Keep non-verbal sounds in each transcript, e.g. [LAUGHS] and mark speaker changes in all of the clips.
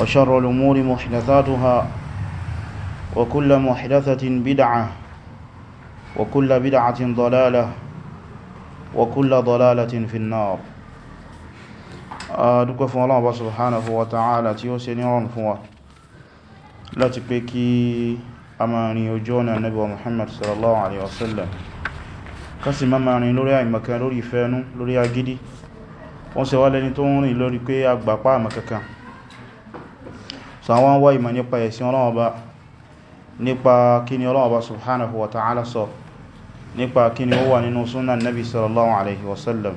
Speaker 1: وشر الأمور محدثاتها وكل محدثة بدعة وكل بدعة ضلالة وكل ضلالة في النار dúkọ́ fún Ọlọ́run Ọba subhanahu wa ta'ala tí ó ṣe ní ọ̀rọ̀ fún wa láti pé kí a máa rìn ojú ọ̀nà Ànábì wa Muhammad sallallahu alaihi wasallam kásì máa máa rìn lórí àìmọ̀kan lórí ìfẹ́ẹnú lórí agídí wọ́n ṣe wá lẹ́ni tó ń rìn lórí pé agbàpá àmọ̀kankan so àwọn wá ìmọ̀ nípa ẹ̀sìn Ọlọ́run Ọba nípa kíni Ọlọ́run Ọba subhanahu wa ta'ala sọ nípa kíni ó wà nínú sunan nabi sallallahu alaihi wasallam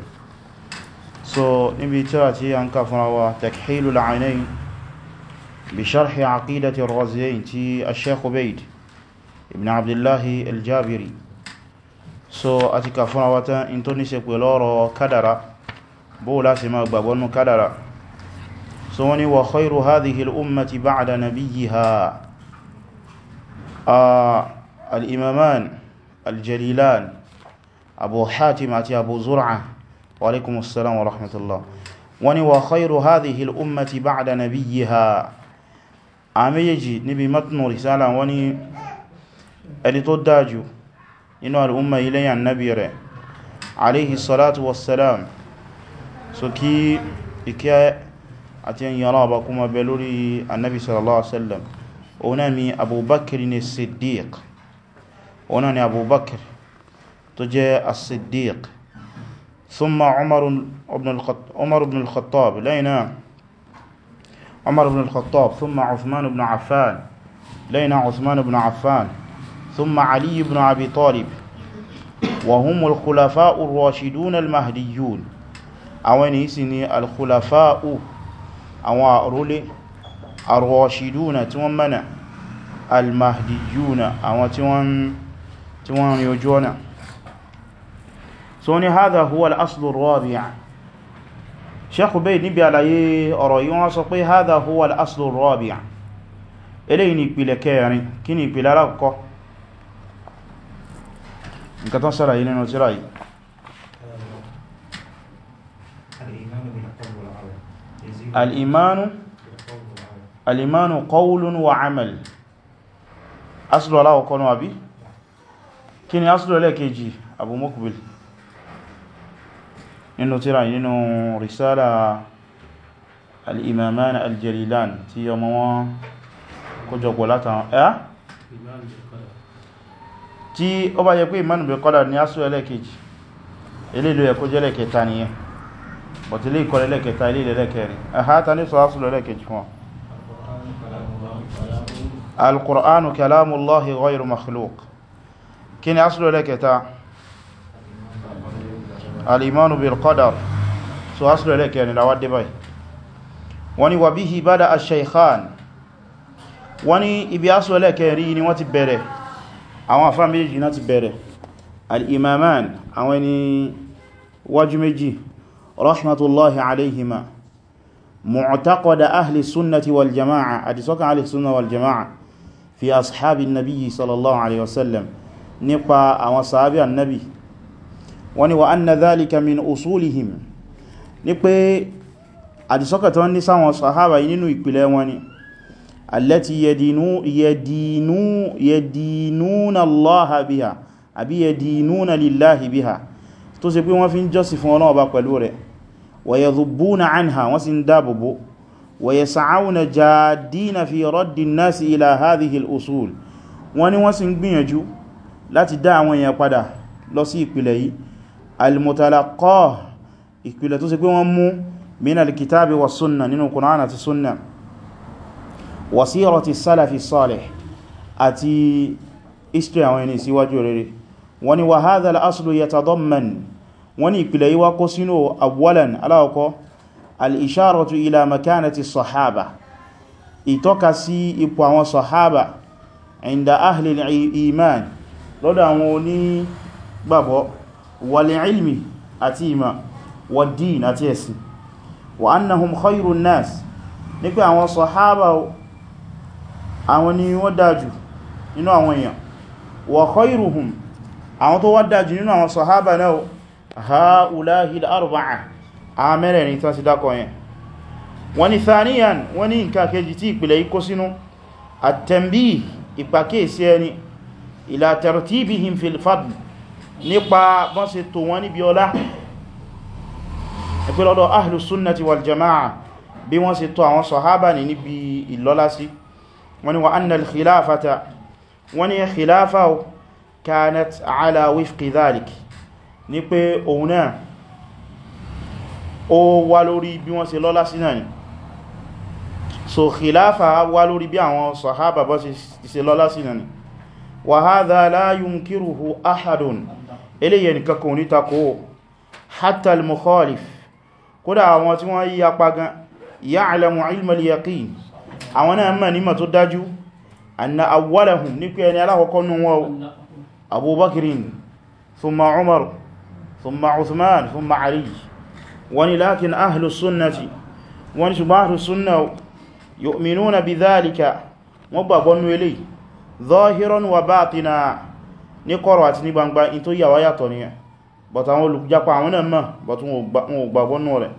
Speaker 1: so níbi tíra tí a ń ká fúnra wa in tó ní ṣe pẹ̀lọ́rọ̀ kádàrá bóò láti máa gbàgbọ́nú kádàrá so wọ́n ni wà khairu hadhihi al'ummati ba'da nabiyyiha al'imaman aljalilan abu hatim àti abu zur'a wa alaikumus salam wa rahmatullah wọ́n ni wà khairu hadhihi al'ummati ba'da nabiyyiha a méjèèjì níbi matnu risala wọ́n ni ẹni tó dájú nínú al'umma ilẹ̀ annabi rẹ̀ alayhi salatu wassalam so kí ike àti ẹ̀yìn yàrá kó ma bẹ lórí annabi sallallahu alaihi wasallam ọ̀nà ni abubakir ni siddiq ọ̀nà ni abubakir tó jẹ́ as-siddiq thumma umar ibn al-khattab lẹ́yìnà umar ibn al-khattab thumma uthman ibn affan lẹ́yìnà uthman ibn affan thumma ali ibn abi talib wa hum al-khulafa ar-rashidun al-mahdiyun àwọn ni al-khulafa àwọn àrólé arwashiduna tí wọ́n mẹ́nà almahdiyuna àwọn tí wọ́n rí ojú ọ̀nà so ni hadha huwa al-aslu ar-rabi' Sheikh Ubayd níbi àlàyé ọ̀rọ̀ yìí wọ́n sọ pé hadha huwa al-aslu ar-rabi' ni ìpìlẹ̀ kẹrin kí ni ìpìlẹ̀ alákọ̀ọ́ al'imanu al'imanu qawlun wa amal asìlò aláwọ̀kọ́nù àbí kí ni asìlò ẹlẹ́kejì abu mokbil nínú tíra nínú risala al'imaman aljalilan tí ọmọ wọn kójọpọ̀ látàwọn ẹ́ tí ó bá yẹ pé imanu bil qadar ni asìlò ẹlẹ́kejì eléèlò ẹ̀kọ́ jẹ́lẹ̀kẹta nìyẹn but ilé ìkọ́ lẹ́lẹ́kẹta ilé lẹ́lẹ́kẹrin ahata ní sọ́ásùlọ lẹ́lẹ́kẹjì fún alkùránù kalamullahi ghayru makhluk kí ni asùlọ lẹ́kẹta alimanu bil qadar sọ́ásùlọ lẹ́kẹrin lawa dubai wani wa bihi bada ashaykhan wani ibi asùlọ lẹ́kẹrin ni wọ́n ti bẹ̀rẹ̀ àwọn afá méjì náà ti bẹ̀rẹ̀ rahmatullahi alayhima mu'taqada ahli sunnati wal jama'a àdìsọ́kà ahli sunna wal jama'a fi ashabi nabi sallallahu alayhi wasallam nípa àwọn sàábí annabi wani wa anna dhalika min usulihim ní pé àdìsọ́kà tó ní sáwọn sàhábà yìí nínú ìpìlẹ̀ wọn ni allati yadinu yadinu yadinuna allaha biha àbí yadinuna lillahi biha tó ṣe pé wọ́n fi ń jọ́sìn fún Ọlọ́run Ọba pẹ̀lú rẹ̀ ويضبون عنها وسندابب ويسعون جادين في رد الناس إلى هذه الأصول wọ́n ní wọ́n sì ń gbìyànjú láti dá àwọn èèyàn padà lọ sí ìpìlẹ̀ yìí al-mutalaqqa ìpìlẹ̀ tó sì pé wọ́n mú min al-kitabi wa sunna nínú Qur'an àti sunna wa sirati salafi salih àti history àwọn ẹni síwájú rere wọ́n ní wa hadha al-aslu yatadamman wọ́n ní ìpìlẹ̀ yíwá kó sínú awwalan aláwọ̀kọ́ al-isharatu ila makanati sahaba ìtọ́ka sí ipò àwọn sahaba inda ahli iman lọ́dọ̀ àwọn onígbàgbọ́ wal ilmi àti ìmọ̀ wad-din àti ẹ̀sìn wa annahum khayrun nas ní pé àwọn sahaba àwọn ni wọ́n dájú nínú àwọn èèyàn wa khayruhum àwọn tó wá dájú nínú àwọn sahaba náà haulahil arba'a a mẹ́rẹ̀rin tán sí dákọ̀ yẹn wọ́n ni thaniyan wọ́n ni nǹkan kejì tí ìpìlẹ̀ ikó sínú àtẹ̀mbí ìpàkèsí ẹni ila tartibihim fil fadl nípa bọ́n ṣe tò wọ́n níbi ọlá ìpìlọ́dọ̀ ahlus sunnati wal jama'a bí wọ́n ṣe tò àwọn sọ̀hábà ní níbi ìlọ́lá sí wọ́n wa annal khilafata wọ́n khilafa kanat ala wifqi dhalik ní pé òun náà ó wá lórí bí wọ́n ṣe lọ́lá sí náà ni so khilafa wá lórí bí àwọn sahaba bọ́ ṣe lọ́lá sí náà ni wa hadha la yunkiruhu ahadun eléyẹ nìkan kò ní takò hatta al-mukhalif kódà àwọn tí wọ́n yí apá gan ya'lamu ilma al-yaqin àwọn náà mọ̀ nímọ̀ tó dájú anna awwalahum ní pé ẹni alákọ̀ọ́kọ́ nù wọn abubakirin thumma umaru ثم عثمان ثم علي وني لكن أهل السنة وني شبه أهل السنة يؤمنون بذلك وبابون ولي ظاهرا وباطنا نقرأ واتني بانبا انتو يا وياتوني bọ̀tàwọn olùjápa àwọn náà mọ̀ bọ̀tún ògbàgbọ́nù rẹ̀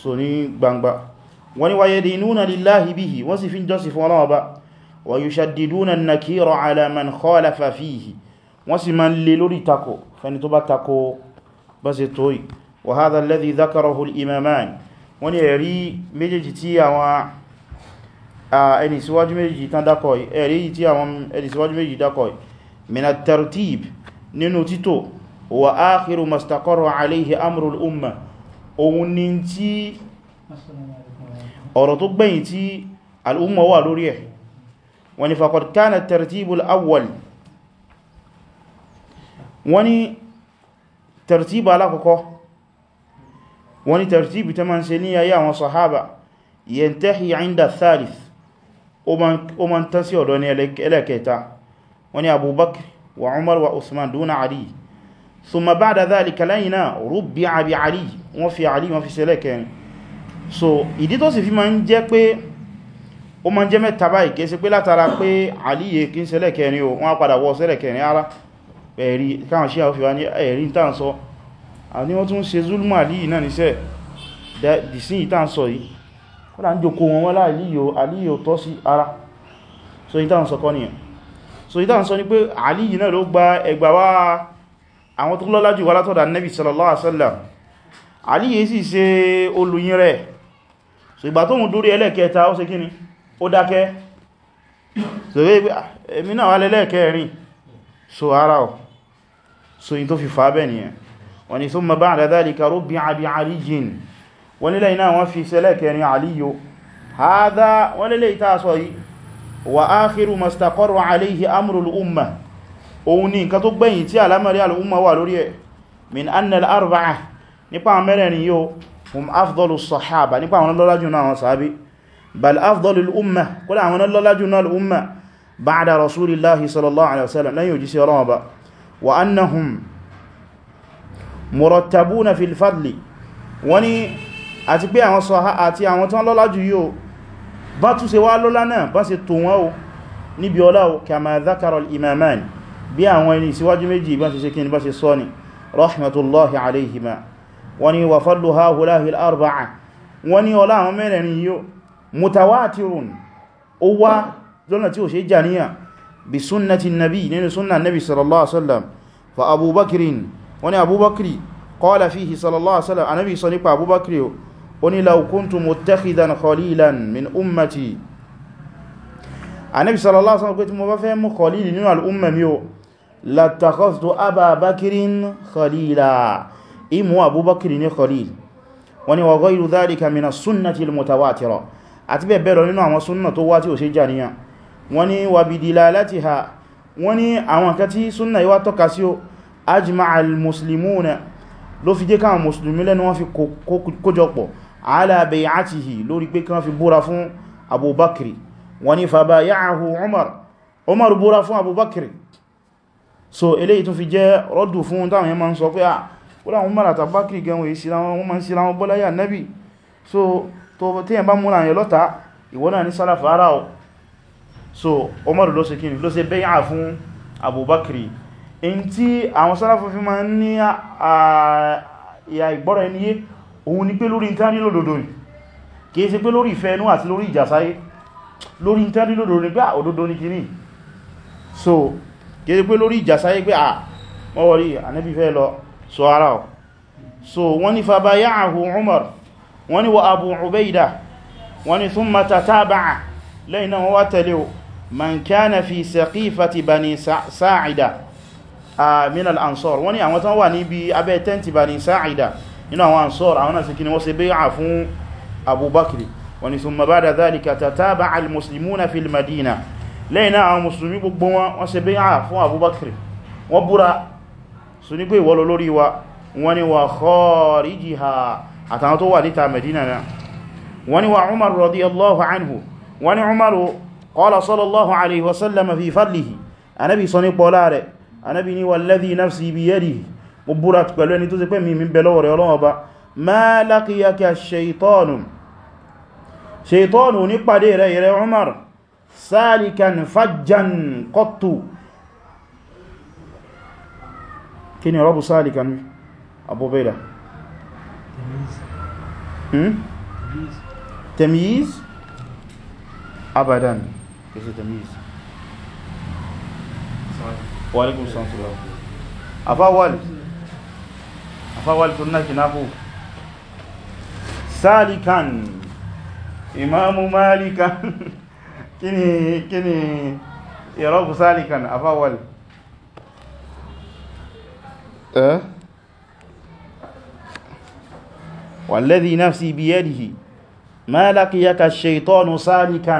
Speaker 1: so ní gbangba wọ́n ni wáyé dì inúnà lillahi bihi wọ́n sì fi ń jọ́sì fún ọlọ́wọ́ bá wà yushaddiduna an-nakira ala man khalafa fihi wọ́n sì ma ń lè lórí takò fẹni tó bá takò bá ṣe tó yìí wa hadha alladhi dhakarahu al-imaman wọ́n ni ẹ̀rí méjèèjì tí àwọn ẹni síwájú méjèèjì tán dákọ̀ yìí ẹ̀rí tí àwọn ẹni síwájú méjèèjì dákọ̀ yìí mina tartib nínú títò wa akhiru mastaqarra alayhi amru umma ohun ni tí ọ̀rọ̀ tó gbẹ̀yìn tí al'umma wà lórí ẹ̀ wọ́n ni faqad kana awwal wọ́n tẹ̀rtíbà alákọ̀ọ́kọ́ wọ́n ni tẹ̀rtíbì tó ma ń ṣe ní ayé àwọn sahaba yantahi inda thalith o ma ń tán sí ọ̀dọ́ ní ẹlẹ́kẹta wọ́n ni abubakar wa umar wa usman duna ali thumma ba'da dhalika lẹ́yìn náà rubbi'a bi ali wọ́n fi ali wọ́n fi ṣe lẹ́kẹrin so ìdí tó sì fi ma ń jẹ́ pé ó ma ń jẹ́ mẹ́ta báyìí kéèsí pé látara pé ali yìí kí ń ṣe lẹ́kẹrin o wọ́n padà wọ́ ṣe lẹ́kẹrin ara ẹ̀rí káwọn ṣe àwọn fíwá ní ẹ̀rí tàn sọ àwọn wọ́n tún ṣe zulmọ̀ àlìyí náà níṣẹ́ dìsí ìtàn sọ yìí wọ́n lá jòkó wọn wọ́n láàlìyò àlìyò tọ́ sí ara so ìtàn sọ kọ́ nìyàn so ìtàn sọ ní pé àlìyí náà ló gba ẹgbà wá àwọn tó lọ́lá jù wá látọ̀dà sallallahu alaihi so ara ọ̀ so yin tó fi fa bẹ́ nìyẹn wọ́n ni thumma ba'da dhalika rubbi'a bi Aliyyin wọ́n nílẹ̀ iná wọ́n fi sẹ́lẹ̀kẹ́ ní Aliyu hadha wọ́n nílẹ̀ ìta sọ yìí wa akhiru mastaqarra alayhi amrul umma òun ni nǹkan tó gbẹ̀yìn tí alamari al'umma wà lórí ẹ̀ min annal arba'a nípa mẹ́rẹ̀rin yóò hum afdalu sahaba nípa àwọn lọ́lájú náà wọn sàábí bal afdalu al'umma kúrò àwọn lọ́lájú náà al'umma ba'da rasulillahi sallallahu alaihi wasallam lẹ́yìn òjísí ọlọ́wọ́ ba wa annahum murattabuna fil fadli wọ́n ní àti pé àwọn sọ̀há àti àwọn tán lọ́lá jù yíò bá tún ṣe wá lọ́lá náà bá ṣe tò wọ́n o níbi ọlá o kama dhakara al-imamani bí àwọn ẹni síwájú méjì bá ṣe ṣe kí ni bá ṣe sọ ni rahmatullahi alayhima wọ́n wa fadlu hahulahi al-arba'a wọ́n ní ọlá àwọn mẹ́rẹ̀rin yíò mutawatirun ó wá lọ́nà tí ó ṣe jàníyàn bi sunnati nabi nínú sunna nabi sallallahu alaihi wasallam fa abubakirin wani abubakiri qala fihi sallallahu alaihi wasallam anabi sọ nípa abubakiri ó ní law kuntu muttakhidan khalilan min ummati anabi sallallahu alaihi wasallam pé tí mo bá fẹ́ mú khalil nínú al'umma mi o latakhaztu ababakirin khalila imu abubakiri ni khalil wani wa ghayru dhalika min as-sunnati al-mutawatira àti bẹ́ẹ̀ bẹ́ẹ̀ lọ nínú àwọn sunna tó wá tí ó ṣe jàníyàn wọ́n ni wà bí dilalatiha wọ́n ni àwọn kan tí súnnà yíwá tọ́ka sí ó ajma'a al-muslimuna ló fi jẹ́ káwọn musulmi lẹ́nu wọ́n fi kójọpọ̀ ala bay'atihi lórí pé kí wọ́n fi búra fún abubakiri wọ́n ni fabaya'ahu umar umar búra fún abubakiri so eléyìí tún fi jẹ́ rọ́dù fún táwọn yẹn ń sọ pé ah wọ́n síra wọn ara ọ̀ so Umaru ló ṣe kí ló ṣe bẹ́yà fún Abubakri in tí àwọn Sàláfù fi ma ní ìyà ìgbọ́ra ẹniyé òun ni pé lórí ìtàrí lòdòdó kìí ṣe pé lórí ìfẹ́ ẹnu àti lórí ìjàsáyé lórí ìtàrí lòdòdó ni pé òdòdó ni kìíní so kìí ṣe pé lórí ìjàsáyé pé àmọ́wọ̀rí ànẹ́bí fẹ́ lọ so ara ọ̀ so wọ́n ni fabaya'ahu Umar wọ́n ni wa Abu Ubaida wọ́n ni thumma tataba'a lẹ́yìn náà wọ́n wá tẹ̀lé o man kana fi saqifati bani sa'ida min al-ansar wọ́n ní àwọn tán wà níbi abẹ́ tẹ́ntì bani sa'ida nínú àwọn ansar àwọn náà sikini wọ́n ṣe bay'a fún abubakri wọ́n ní thumma ba'da dhalika tataba'a al-muslimuna fil madina lẹ́yìn náà àwọn musulmi gbogbo wọn wọ́n ṣe bay'a fún abubakri wọ́n búra su ní pé ìwọ́lọ wa wọ́n wa kharijiha àtàwọn tó wà níta medina náà wọ́n ní wa umar radiyallahu anhu wọ́n ní qala sallallahu alaihi wasallam fi fadlihi anábi sọ nípa ọlá rẹ̀ anábi ni walladhi nafsi biyadihi mo búra pẹ̀lú ẹni tó ti pẹ́ mi mi bẹ lọ́wọ́ rẹ̀ Ọlọ́run Ọba ma laqiyaka ṣeitọ́nù ṣeitọ́nù ní pàdé rẹ̀ rẹ̀ Umar salikan fajjan qattu kí ni rọ́bù salikan abúbẹ̀dà temiz hmm? abadan مركز تمييز وعليكم السلام ورحمه الله افا والد افا والد هناك نافو سالكا امام مالكا [LAUGHS] كني كني يروق سالكا افا والد أه؟ والذي نفسي بيده ما لقيك الشيطان سالكا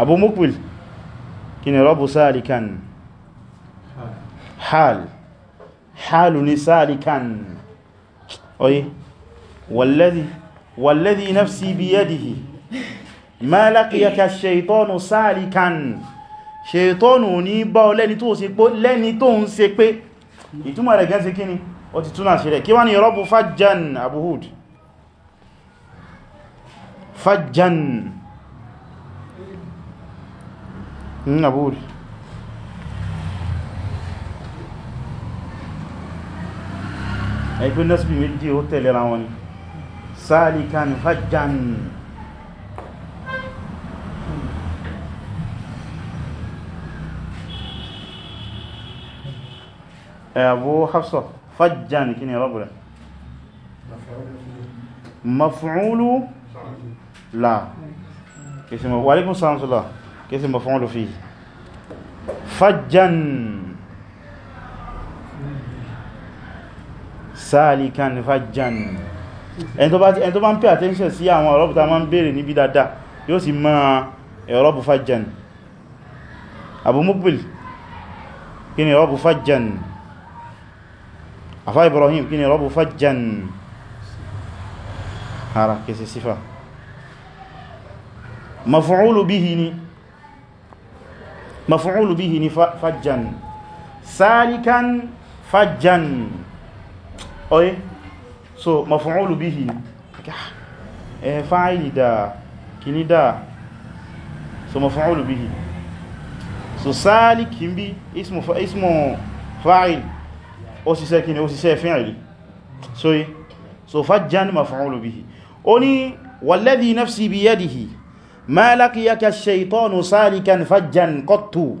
Speaker 1: abu mukbil kí ni rọ́bù sáàríkan hal hálù ní sáàríkan oye walladhi walladhi nafsi biyadihi ma laqiyaka ṣeitọ́nù sáàríkan ṣeitọ́nù ní bá ọ lẹ́ni tó ṣe pé lẹ́ni tó ń ṣe pé ìtumọ̀ rẹ̀ gẹ́nsẹ̀ kí ni ti túnà ṣe rẹ̀ kí wá ní rọ́bù fajjan abu hud fajjan abúrì ẹgbẹ́ nẹ́sìbì méjì ó tẹ̀lé ra wọn ni sáàlìkan hajjan ẹ̀bú hafsọ fajjan kí ni rọ́bùrẹ̀ mafi'ulu la kìsìmọ̀ wà alaykum salaam كيف مفعول فيه فجا سالكا فجا ẹni tó bá ń pay attention sí àwọn ọ̀rọ̀bù tá máa ń bèèrè níbi dáadáa yóò sì máa ẹ̀rọ̀bù fajjan Abu Muqbil kí ni ẹ̀rọ̀bù fajjan afá Ibrahim kí ni ẹ̀rọ̀bù fajjan ara kìí sí sífà mafu'ulu bihi ni mafu'ulu bihi ni fajjan sáríkan fajjan oye so mafu'ulu bihi eh fa'ili da kini da so mafu'ulu bihi so sáríkin bi ismu fa'il ó ṣiṣẹ́ kini ó ṣiṣẹ́ fi'ili so yi so fajjan mafu'ulu bihi ó ní nafsi biyadihi ma laqiyaka ash-shaytanu salikan fajjan qattu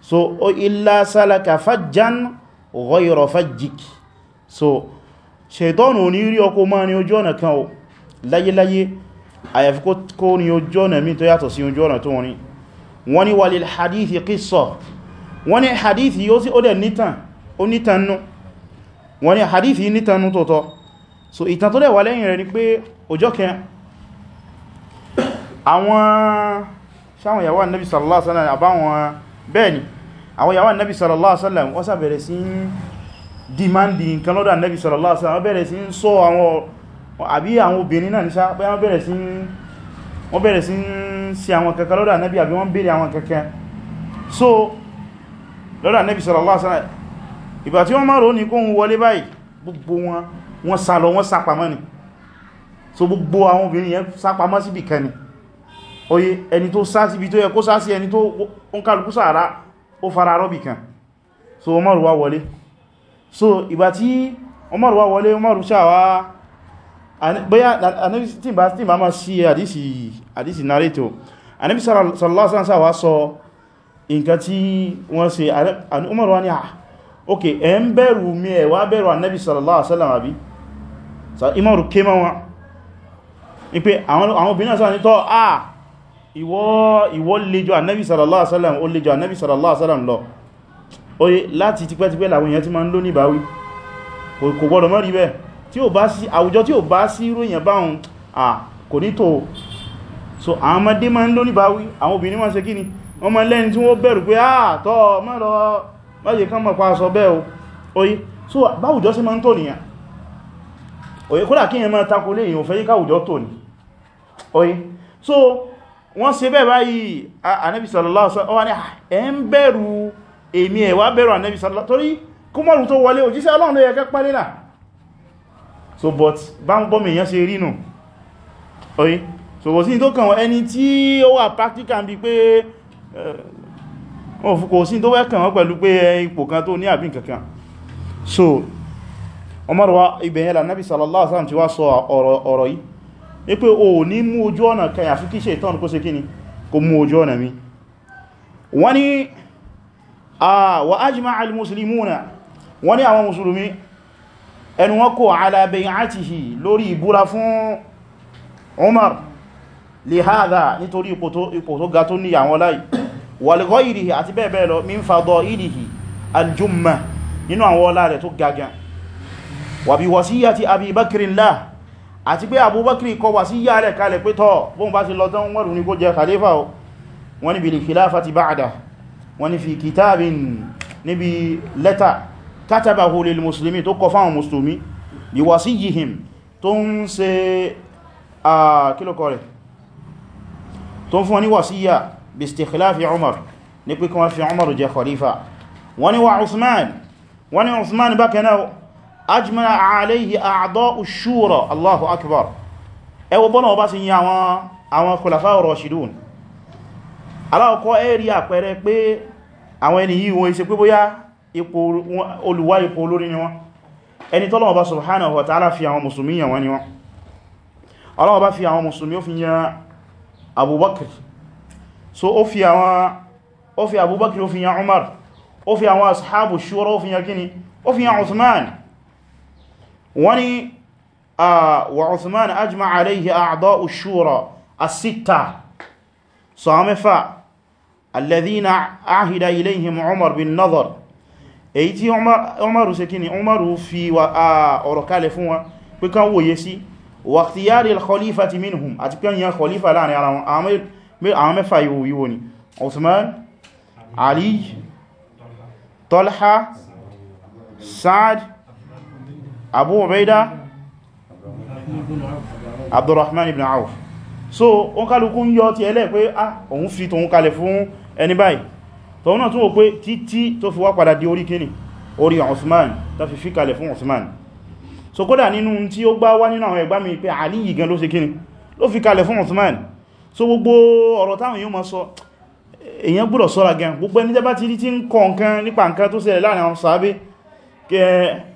Speaker 1: so o illa salaka fajjan ghayra fajjik so ṣaitọ́nù ní rí ọkọ̀ máa ní ojú ọ̀nà kan o láyéláyé àyàfi kó ní ojú ọ̀nà mi tó yàtọ̀ sí ojú ọ̀nà tó wọ́n ní wọ́n ní wà lil hadithi qissa wọ́n ní hadithi yóò sí ó dẹ̀ nítàn ó nítànnú wọ́n ní hadithi nítànnú so ìtàn tó dẹ̀ wà lẹ́yìn rẹ̀ ni pé ọjọ́ kan àwọn sáwọn ìyàwó annabi sallallahu alaihi wasallam àbáwọn bẹ́ẹ̀ni àwọn ìyàwó annabi sallallahu alaihi wasallam wọ́n sàbẹ̀rẹ̀ sí demanding nǹkan lọ́dọ̀ annabi sallallahu alaihi wasallam wọ́n bẹ̀rẹ̀ sí sọ àwọn àbí àwọn obìnrin náà níṣá pé wọ́n bẹ̀rẹ̀ sí wọ́n bẹ̀rẹ̀ sí sí àwọn kankan lọ́dọ̀ annabi àbí wọ́n bèèrè àwọn sallallahu alaihi wasallam ìgbà tí wọ́n máa rò ní kóhun wọlé báyìí gbogbo wọn ni so gbogbo àwọn obìnrin yẹn sápamọ́ síbì kan ni oye ẹni tó sáàsì ibi tó yẹ kó sáàsì ẹni tó ń kálùkú sàárá ó fara rọ́bì kan so Umaru wá wọlé so ìgbà tí Umaru wá wọlé Umaru sàwá bóyá Ànábì tí bá tí bá máa sí àdísì àdísì narrator Ànábì sallallahu alaihi wasallam sọ nǹkan tí wọ́n ṣe Umaru wá ní à ah, ok ẹ ń sallallahu alaihi wasallam àbí Umaru kéma wọn ni pé àwọn obìnrin náà sáà ní tọ́ ah ìwọ lejọ annabi sallallahu alaihi wasallam o lejọ annabi sallallahu alaihi wasallam lọ oye láti tipẹ́tipẹ́ làwọn èèyàn ti ma ń lò ní ìbáwí kò gbọ́dọ̀ mọ́ rí bẹ́ẹ̀ tí ó bá sí àwùjọ tí ó bá sí ròyìn báhùn à kò ní tó so àwọn ọmọdé ma ń lò ní ìbáwí àwọn obìnrin ma ṣe kí ni wọ́n ma lẹ́ni tí wọ́n bẹ̀rù pé à tọ́ mọ́rọ̀ mọ́yẹ kán mọ̀ pa sọ bẹ́ẹ̀ oye so báwùjọ sí ma ń tò nìyàn oye kódà kí èèyàn ma tako lè èèyàn fẹ́ yí káwùjọ tò ní oye so wọ́n ṣe bẹ́ẹ̀ báyìí Ànábì sallallahu alaihi wasallam ó wá ní ah, ẹ̀ ń bẹ̀rù èmi ẹ̀ wá bẹ̀rù Ànábì sallallahu torí kúmọ̀rù tó wọlé òjíṣẹ́ Ọlọ́run ló yẹ kẹ́ pálé náà so but bá ń bọ́mì èyàn ṣe rínú oye so kò sí ní tó kàn ẹni tí ó wà practical bí pé eh, kò sí tó wẹ́kàn wọ́n pẹ̀lú pé eh, ipò kan tó ní àbí kankan so Umar wa ibẹ̀yẹ̀lá Ànábì sallallahu alaihi wasallam ti wá sọ ọ̀rọ̀ yìí ní pé o ní mú ojú ọ̀nà kan àfi kí ṣètán kó ṣe kíni kó mú ojú ọ̀nà mi wọ́n ni wa ajma'a al-muslimuna wọ́n ni àwọn musulmi ẹnu wọn kò ala bay'atihi lórí ìbúra fún Umar li hadha nítorí ipò tó ga tó ní àwọn láì wa li àti bẹ́ẹ̀ bẹ́ẹ̀ lọ àti pé abubakir kọ wà sí yàrẹ̀ kalẹ̀ pé tọ́ bóhun bá ti lọ tán wọ́n ní kó jẹ khalifa o wọ́n ní bil khilafati ba'da wọ́n ní fi kitabin níbi lẹ́ta katabahu lil muslimi tó kọ fáwọn musulmi bi wasiyihim tó ń ṣe kílòkọ rẹ̀ tó ń fún ní wàsíyà bi istikhlafi umar ní pé umar ní wa usman ajmala alayhi a'da'u shura Allahu akbar ẹ wo bọ́nà ọba sí yí àwọn àwọn khulafa rashidun aláwọ̀kọ́ ẹ̀rí àpẹẹrẹ pé àwọn ẹni yìí wọ́n iṣẹ́ pé bóyá olùwá ipò olórí ni wọ́n ẹni tọ́lọ̀ ọba subhanahu wa ta'ala fi àwọn musulmi yàn wọ́n ni wọ́n ọlọ́wọ́ bá wọ́n ni wa Uthman ajma alayhi a'da'u ash-shura as-sitta so àwọn mẹ́fà alladhina ahida ilayhim Umar bin Nadhr èyí tí Umaru ṣe kíni Umaru fi ọ̀rọ̀ kalẹ̀ fún wa pé kan wòye sí wa ikhtiyari al-khalifati minhum àti pé yan khalifa láàrin ara wọn àwọn mẹ́fà yíwo ni Uthman Ali Talha Sa'd abu ubaida abdurrahman ibn auf so on kálukú ń yọ ti ẹlẹ́ pé ah òun fi tóun kalẹ̀ fún ẹni báyìí tọ́wọ́n náà tún wò pé títí tó fi wá padà di orí kíni orí osman tó fi fi kalẹ̀ fún osman so kódà nínú tí ó gbá wá nínú àwọn ẹgbá mi pé ali yìí gan ló ṣe kíni ló fi kalẹ̀ fún osman so gbogbo ọ̀rọ̀ táwọn yóò máa sọ èyàn gbọ́dọ̀ sọ́ra gan gbogbo ẹni tẹ́bá ti rí tí ń kọ nǹkan nípa nǹkan tó ṣẹlẹ̀ láàrin àwọn sàábé kẹ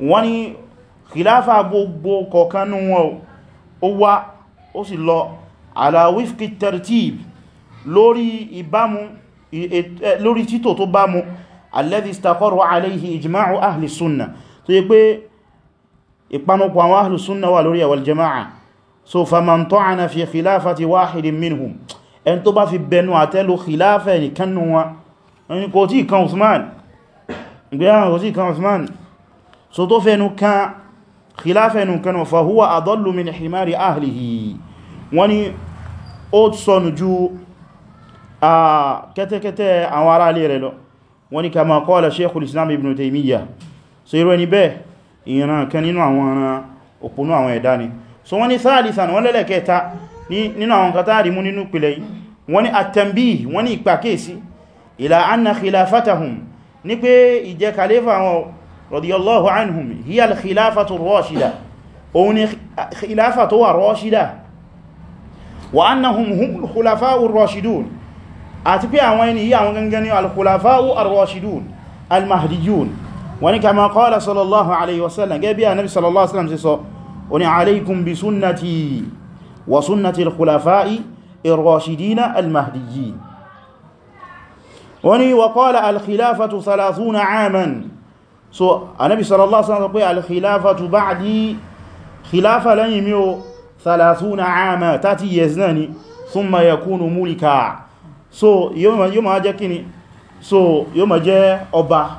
Speaker 1: wọ́n ní khilafa gbogbo kọ̀kanú wọn ó wá ó sì lọ ala wifqi tartib lórí ìbámu lórí títò tó bámu alladhi istaqarra alayhi ijma'u ahli sunna tó yẹ pé ìpanupọ̀ àwọn ahli sunna wà lórí wal jama'a so faman ta'ana fi khilafati wahidin minhum ẹn tó bá fi bẹnu àtẹ́lù khilafa ẹnìkan nù wọn ẹni kò tí kan Uthman so tó fẹ́nu kan khilafẹ́nu kan fa huwa adallu min himari ahlihi wọ́n ni ó sọnù ju a kẹ́tẹ́kẹ́tẹ́ àwọn ará alẹ́ rẹ̀ lọ wọ́n ni kama qala sheikhul islam ibn taimiyya so irú ẹni bẹ́ẹ̀ ìran kan nínú àwọn ọ̀ràn òpónú àwọn ẹ̀dá ni so wọ́n ni thalithan wọ́n lẹ́lẹ̀kẹta nínú àwọn katari mú nínú pìlẹ̀ yìí wọ́n ni at ila anna khilafatahum ní pé ìjẹ́ khalifa wọn رضي الله عنهم هي الخلافة الراشدة أون خلافة الراشدة وأنهم هم الخلفاء الراشدون أتبع وين هي الخلفاء الراشدون المهديون وني كما قال صلى الله عليه وسلم جاء النبي صلى الله عليه وسلم سيصو وني عليكم بسنتي وسنة الخلفاء الراشدين المهديين وني وقال الخلافة ثلاثون عاماً so anabi sallallahu alaihi wasallam pé al-khilafatu ba'di khilafa lẹ́yìn mi o 30 ama 30 years náà ni thumma yakunu mulika so yóò ma jẹ́ kíni so yóò ma jẹ́ ọba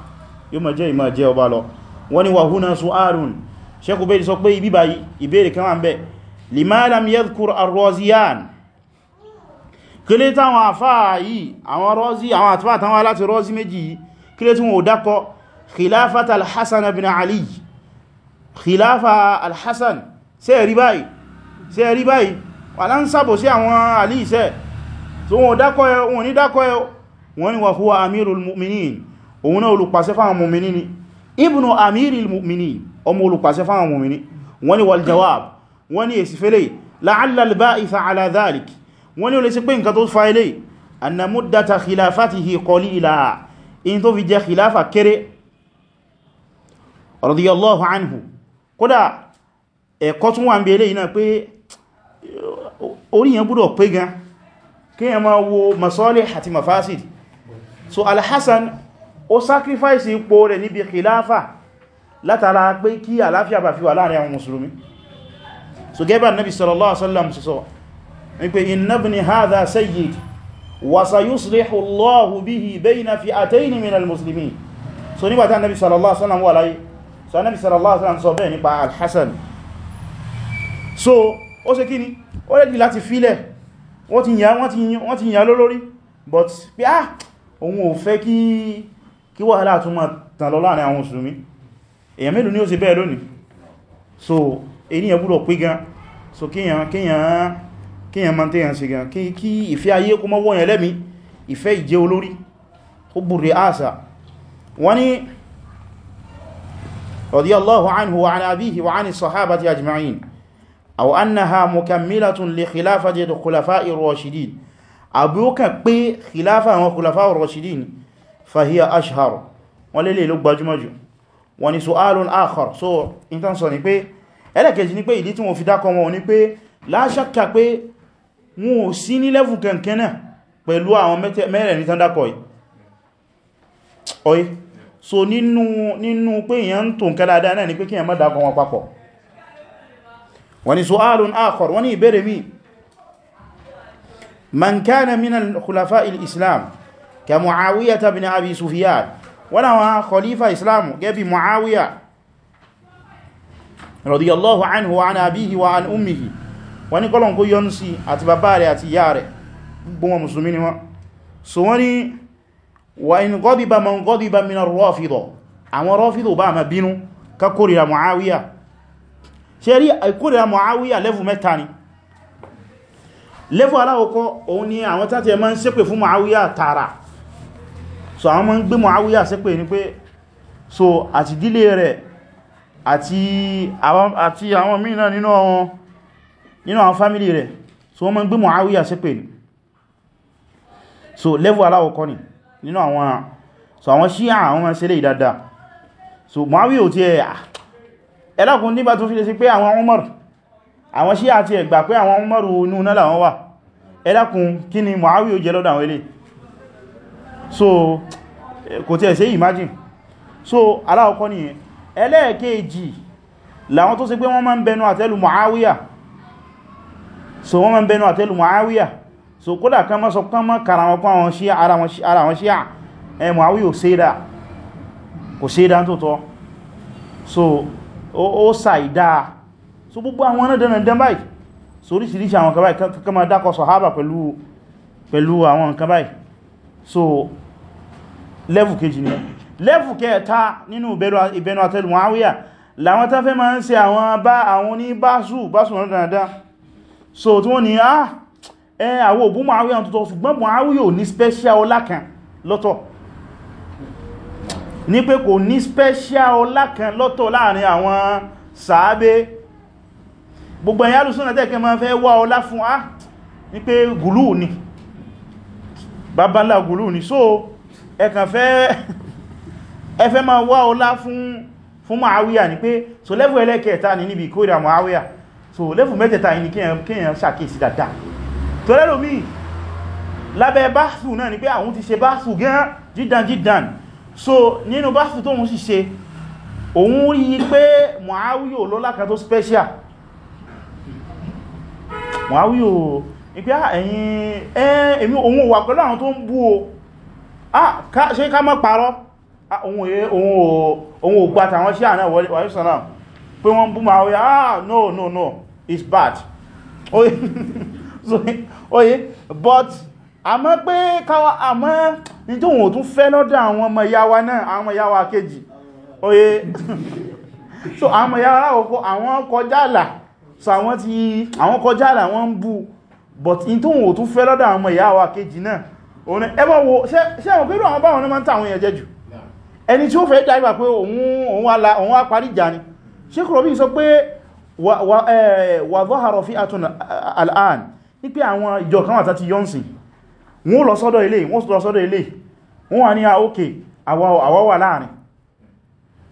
Speaker 1: yóò ma jẹ́ ìmá jẹ́ ọba lọ wọ́n ni wa huna su'alun Sheikh Ubaydi sọ pé ibi báyìí ìbéèrè kan wà ń bẹ lima lam yadhkur ar-Raziyan kílé táwọn àfáà yìí àwọn Razi àwọn àtúfà táwọn aláti Razi méjì yìí kílé tí wọn ò dákọ́ khilafata al-hassan ibn ali khilafa al-hassan ṣé rí báyìí ṣé rí báyìí wà lán sàbò sí àwọn ali iṣẹ́ tó wọ́n dákọ́ ẹ wọ́n ní dákọ́ ẹ wọ́n ní wa huwa amirul mu'minin òun náà olùpàṣẹ fáwọn mu'mini ni ibnu amiril mu'minin ọmọ olùpàṣẹ fáwọn mu'mini wọ́n ní wal jawab wọ́n ní èsì fẹ́lẹ̀ la'alla al-ba'itha ala dhalik wọ́n ní ó lè sí pé nǹkan tó fa ilé anna muddata khilafatihi qalila in tó fi jẹ khilafa kéré radiyallahu anhu kódà ẹ̀kọ́ tún wà ń bí eléyìí náà pé oríyàn gbọ́dọ̀ pé gan kíyàn máa wo masalih àti mafasid so alhassan ó sacrifice ipò rẹ̀ níbi khilafa látara pé kí àláfíà bá fi wà láàrin àwọn musulmi so gẹ́bà nabi sallallahu alaihi wasallam sọ wípé inna ibni hadha sayyid wa sayuslihu Allahu bihi bayna fi'atayn min al-muslimin so nígbàtá nabi sallallahu alaihi wasallam wà láyé so anabi sallallahu alaihi wasallam sọ bẹ́ẹ̀ nípa al-Hasan so ó ṣe kíni ó lẹ́dì láti ya, wọ́n ti yàn wọ́n ti yàn lólórí but pé ah òun ò fẹ́ kí kí wàhálà tún máa tàn lọ láàrin àwọn mùsùlùmí èyàn mélòó ni ó ṣe bẹ́ẹ̀ lónìí so ènìyàn gbọ́dọ̀ pé gan so kíyàn kíyàn kíyàn máa tẹ́yàn ṣe gan kí ìfẹ́ ayé kó mọ́ wọ́yàn lẹ́mí ìfẹ́ ìjẹ́ olórí ó bùrẹ̀ àṣà wọ́n ni رضي الله عنه وعن أبيه وعن الصحابة أجمعين أو أنها مكملة لخلافة الخلفاء الراشدين أبوك بي خلافة وخلفاء الراشدين فهي أشهر وللي لبا جمجو وني سؤال آخر so in tan so ni pé ẹlẹ́kejì ni pé ìdí tí wọ́n fi dákọ wọn ni pé láṣàkà pé wọn ò level kankan náà pẹ̀lú àwọn mẹ́rẹ̀ẹ̀rin tán dákọ̀ yìí so nínú nínú pé èyàn ń tó nǹkan dáadáa náà ni pé kí èyàn má dákọ wọn papọ̀ wọ́n ni su'alun akhar wọ́n ni ìbéèrè mi man kana min al-khulafa al-islam ka muawiya ibn abi sufyan wọ́n àwọn khalifa islam gẹ́bí muawiya radiyallahu anhu wa an abihi wa an ummihi wọ́n ni kọlọ̀n kó àti bàbá àti ìyá gbogbo musulmi ni wọ́n so wọ́n wa in ghadiba man ghadiba min ar-rafida àwọn rafida bá ma bínú ká kórìíra Muawiya ṣe rí àìkórìíra Muawiya lẹ́fù mẹ́ta ni lẹ́fù aláwọ̀kọ́ òun ni àwọn tàti ẹmọ́ ń ṣépè fún Muawiya tààrà so àwọn mọ́ ń gbé Muawiya ṣépè ní pé so àti dílé rẹ̀ àti àwọn mìíràn nínú àwọn nínú àwọn fámílì rẹ̀ so wọ́n mọ́ ń gbé Muawiya ṣépè ní so lẹ́fù aláwọ̀kọ́ ni nínú àwọn so àwọn ṣíà àwọn ṣẹlẹ̀ ìdada so Muawiya ò ti ẹ̀ ah, ẹlọ́kùn nígbà tó fi lè sí pé àwọn Umar àwọn ṣíà ti ẹ̀gbà pé àwọn Umar inú náà làwọn wà ẹlọ́kùn kí ni Muawiya ò jẹ́ lọ́dọ̀ àwọn ilé so kò tí ẹ̀ sí imagine so aláwọ̀kọ́ nìyẹn ẹlẹ́ẹ̀kejì làwọn tó sì pé wọ́n máa ń bẹnu àtẹ́lù Muawiya so wọ́n máa ń bẹnu àtẹ́lù Muawiya so kódà kan mọ́ sọ kan mọ́ kara wọn pọ́ àwọn ṣíà ara wọn ṣíà ẹ Muawi ò sédà kò sédà tó tọ́ so ó sàìdá so gbogbo àwọn ọ̀nàdẹ̀nàdẹ̀n báyìí so oríṣiríṣi àwọn kan báyìí kan máa dákọ sọ̀hábà pẹ̀lú pẹ̀lú àwọn kan báyìí so lẹ́fù kejì ni lẹ́fù kẹta nínú ìbẹnu àtẹ́lù Muawiya làwọn tán fẹ́ máa ń ṣe àwọn bá àwọn ní báṣù báṣù ọ̀nàdẹ̀nàdẹ̀ so tí wọ́n ni ah ẹ àwọn òbú Muawiya tó tọ́ ṣùgbọ́n Muawiya ò ní special ọlá kan lọ́tọ̀ ní pé kò ní special ọlá kan lọ́tọ̀ láàrin àwọn sàábé gbogbo ẹ̀yà lùsùn àtẹ́kẹ́ ma fẹ́ wá ọlá fún á ah, ní pé gùlù ni babanla gùlù ni so ẹkàn fẹ́ ẹfẹ́ ma wá ọlá fún fún Muawiya ni pé so lẹ́fù ẹlẹ́kẹta ni níbi ìkórìíra Muawiya so lẹ́fù mẹ́tẹ̀ta ni kíyàn ṣàkíyèsí dáadáa tó lẹ́lò mí lábẹ́ báṣù náà ni pé àwọn ti ṣe báṣù gan jídan jídan so nínú báṣù tó wọ́n sì ṣe òun rí pé Muawiyo lọ́lá kan tó special Muawiyo ní pé ah, ẹ̀yìn ẹ̀mí òun wà pẹ̀lú àwọn tó ń bú o ṣe ah, ká mọ́ parọ́ ah, òun ò gbàtà wọn sí àná wàyúsànà pé wọ́n bú Muawiyo ah no no no it's bad oye but àmọ́ pé káwà àmọ́ ní tó wọ́n tún fẹ́ lọ́dọ̀ àwọn ọmọ ìyáwa náà àwọn ìyáwa kejì oye so àwọn ìyáwa àkọ́kọ́ àwọn kọjáàlà so àwọn ti àwọn kọjáàlà wọ́n ń bú but ní tó wọ́n tún fẹ́ lọ́dọ̀ àwọn ìyáwa kejì náà òun ẹbọ́ wo ṣe àwọn pẹ̀lú àwọn báwọn náà ń tàwọn èèyàn jẹ́jù ẹni tí ó fẹ́ dáìbà pé òun wá parí ìjà ni ṣe kúrò bí sọ pé wà zọ́hàrọ̀ fi àtún al'an wípé àwọn ìjọ kan àtàtí yọ́nsìn wọ́n lọ sọ́dọ̀ ilé wọ́n lọ sọ́dọ̀ ilé wọ́n wà ní ah, à ókè àwa wà láàrin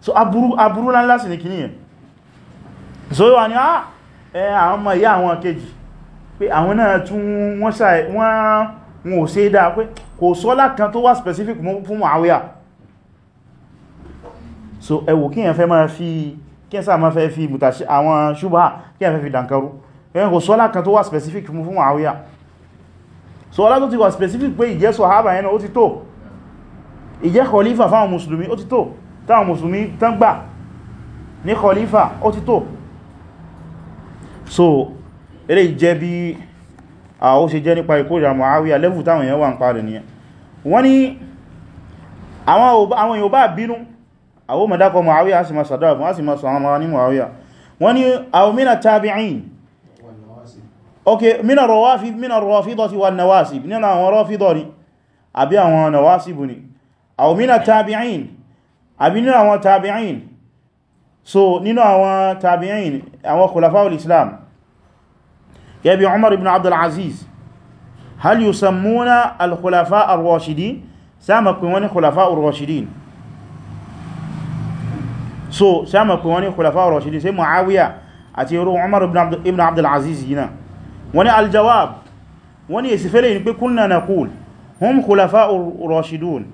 Speaker 1: so aburú aburú láńlá sí ní kìí yẹn so wà ní ah, àwọn ọmọ ìyá àwọn kejì pé àwọn náà tún wọ́n sàì wọ́n ò ṣe dáa pé kò sọ́lá kan tó wà specific fún Muawiya so ẹwò kíyàn fẹ́ máa fi kíyàn sáà máa fẹ́ fi mùtàṣí àwọn ṣúbà kíyàn fẹ́ fi dànkarú ẹ̀yìn kò sọ́lá kan tó wà specific fún fún àwíyà sọ́lá tó ti wà specific pé ìjẹ́ sọ̀hábà yẹn ó ti tó ìjẹ́ khalifa fáwọn musulmi ó ti tó táwọn musulmi tán gbà ní khalifa ó ti tó so eré ìjẹ́ bí a ó ṣe jẹ́ nípa ìkójà Muawiya lẹ́fù táwọn èèyàn wọ́n ni àwọn èèyàn bá bínú àwọn mọ̀dákọ̀ Muawiya a sì máa sàdára fún a sì máa sọ àwọn ọmọ ní Muawiya wọ́n ni àwọn mìíràn okay mina rawafi mina rọwáfídọ́tí wa nawasib nínú àwọn rọwáfídọ́ ni àbí àwọn nawasib ni aw mina tabi'in àbí nínú àwọn tabi'in so nínú àwọn tabi'in àwọn khulafa ul islam ya bi umar ibn abd al-aziz hal yusammuna al-khulafa ar-rashidin sama ku wani khulafa ar-rashidin so sama ku wani khulafa ar-rashidin sai muawiya àti ru umar ibn abd abd ibn abdulaziz yìí náà wani aljawab wani èsì fẹ́lẹ̀ ní pé kunna naqul hum khulafa'ur rashidun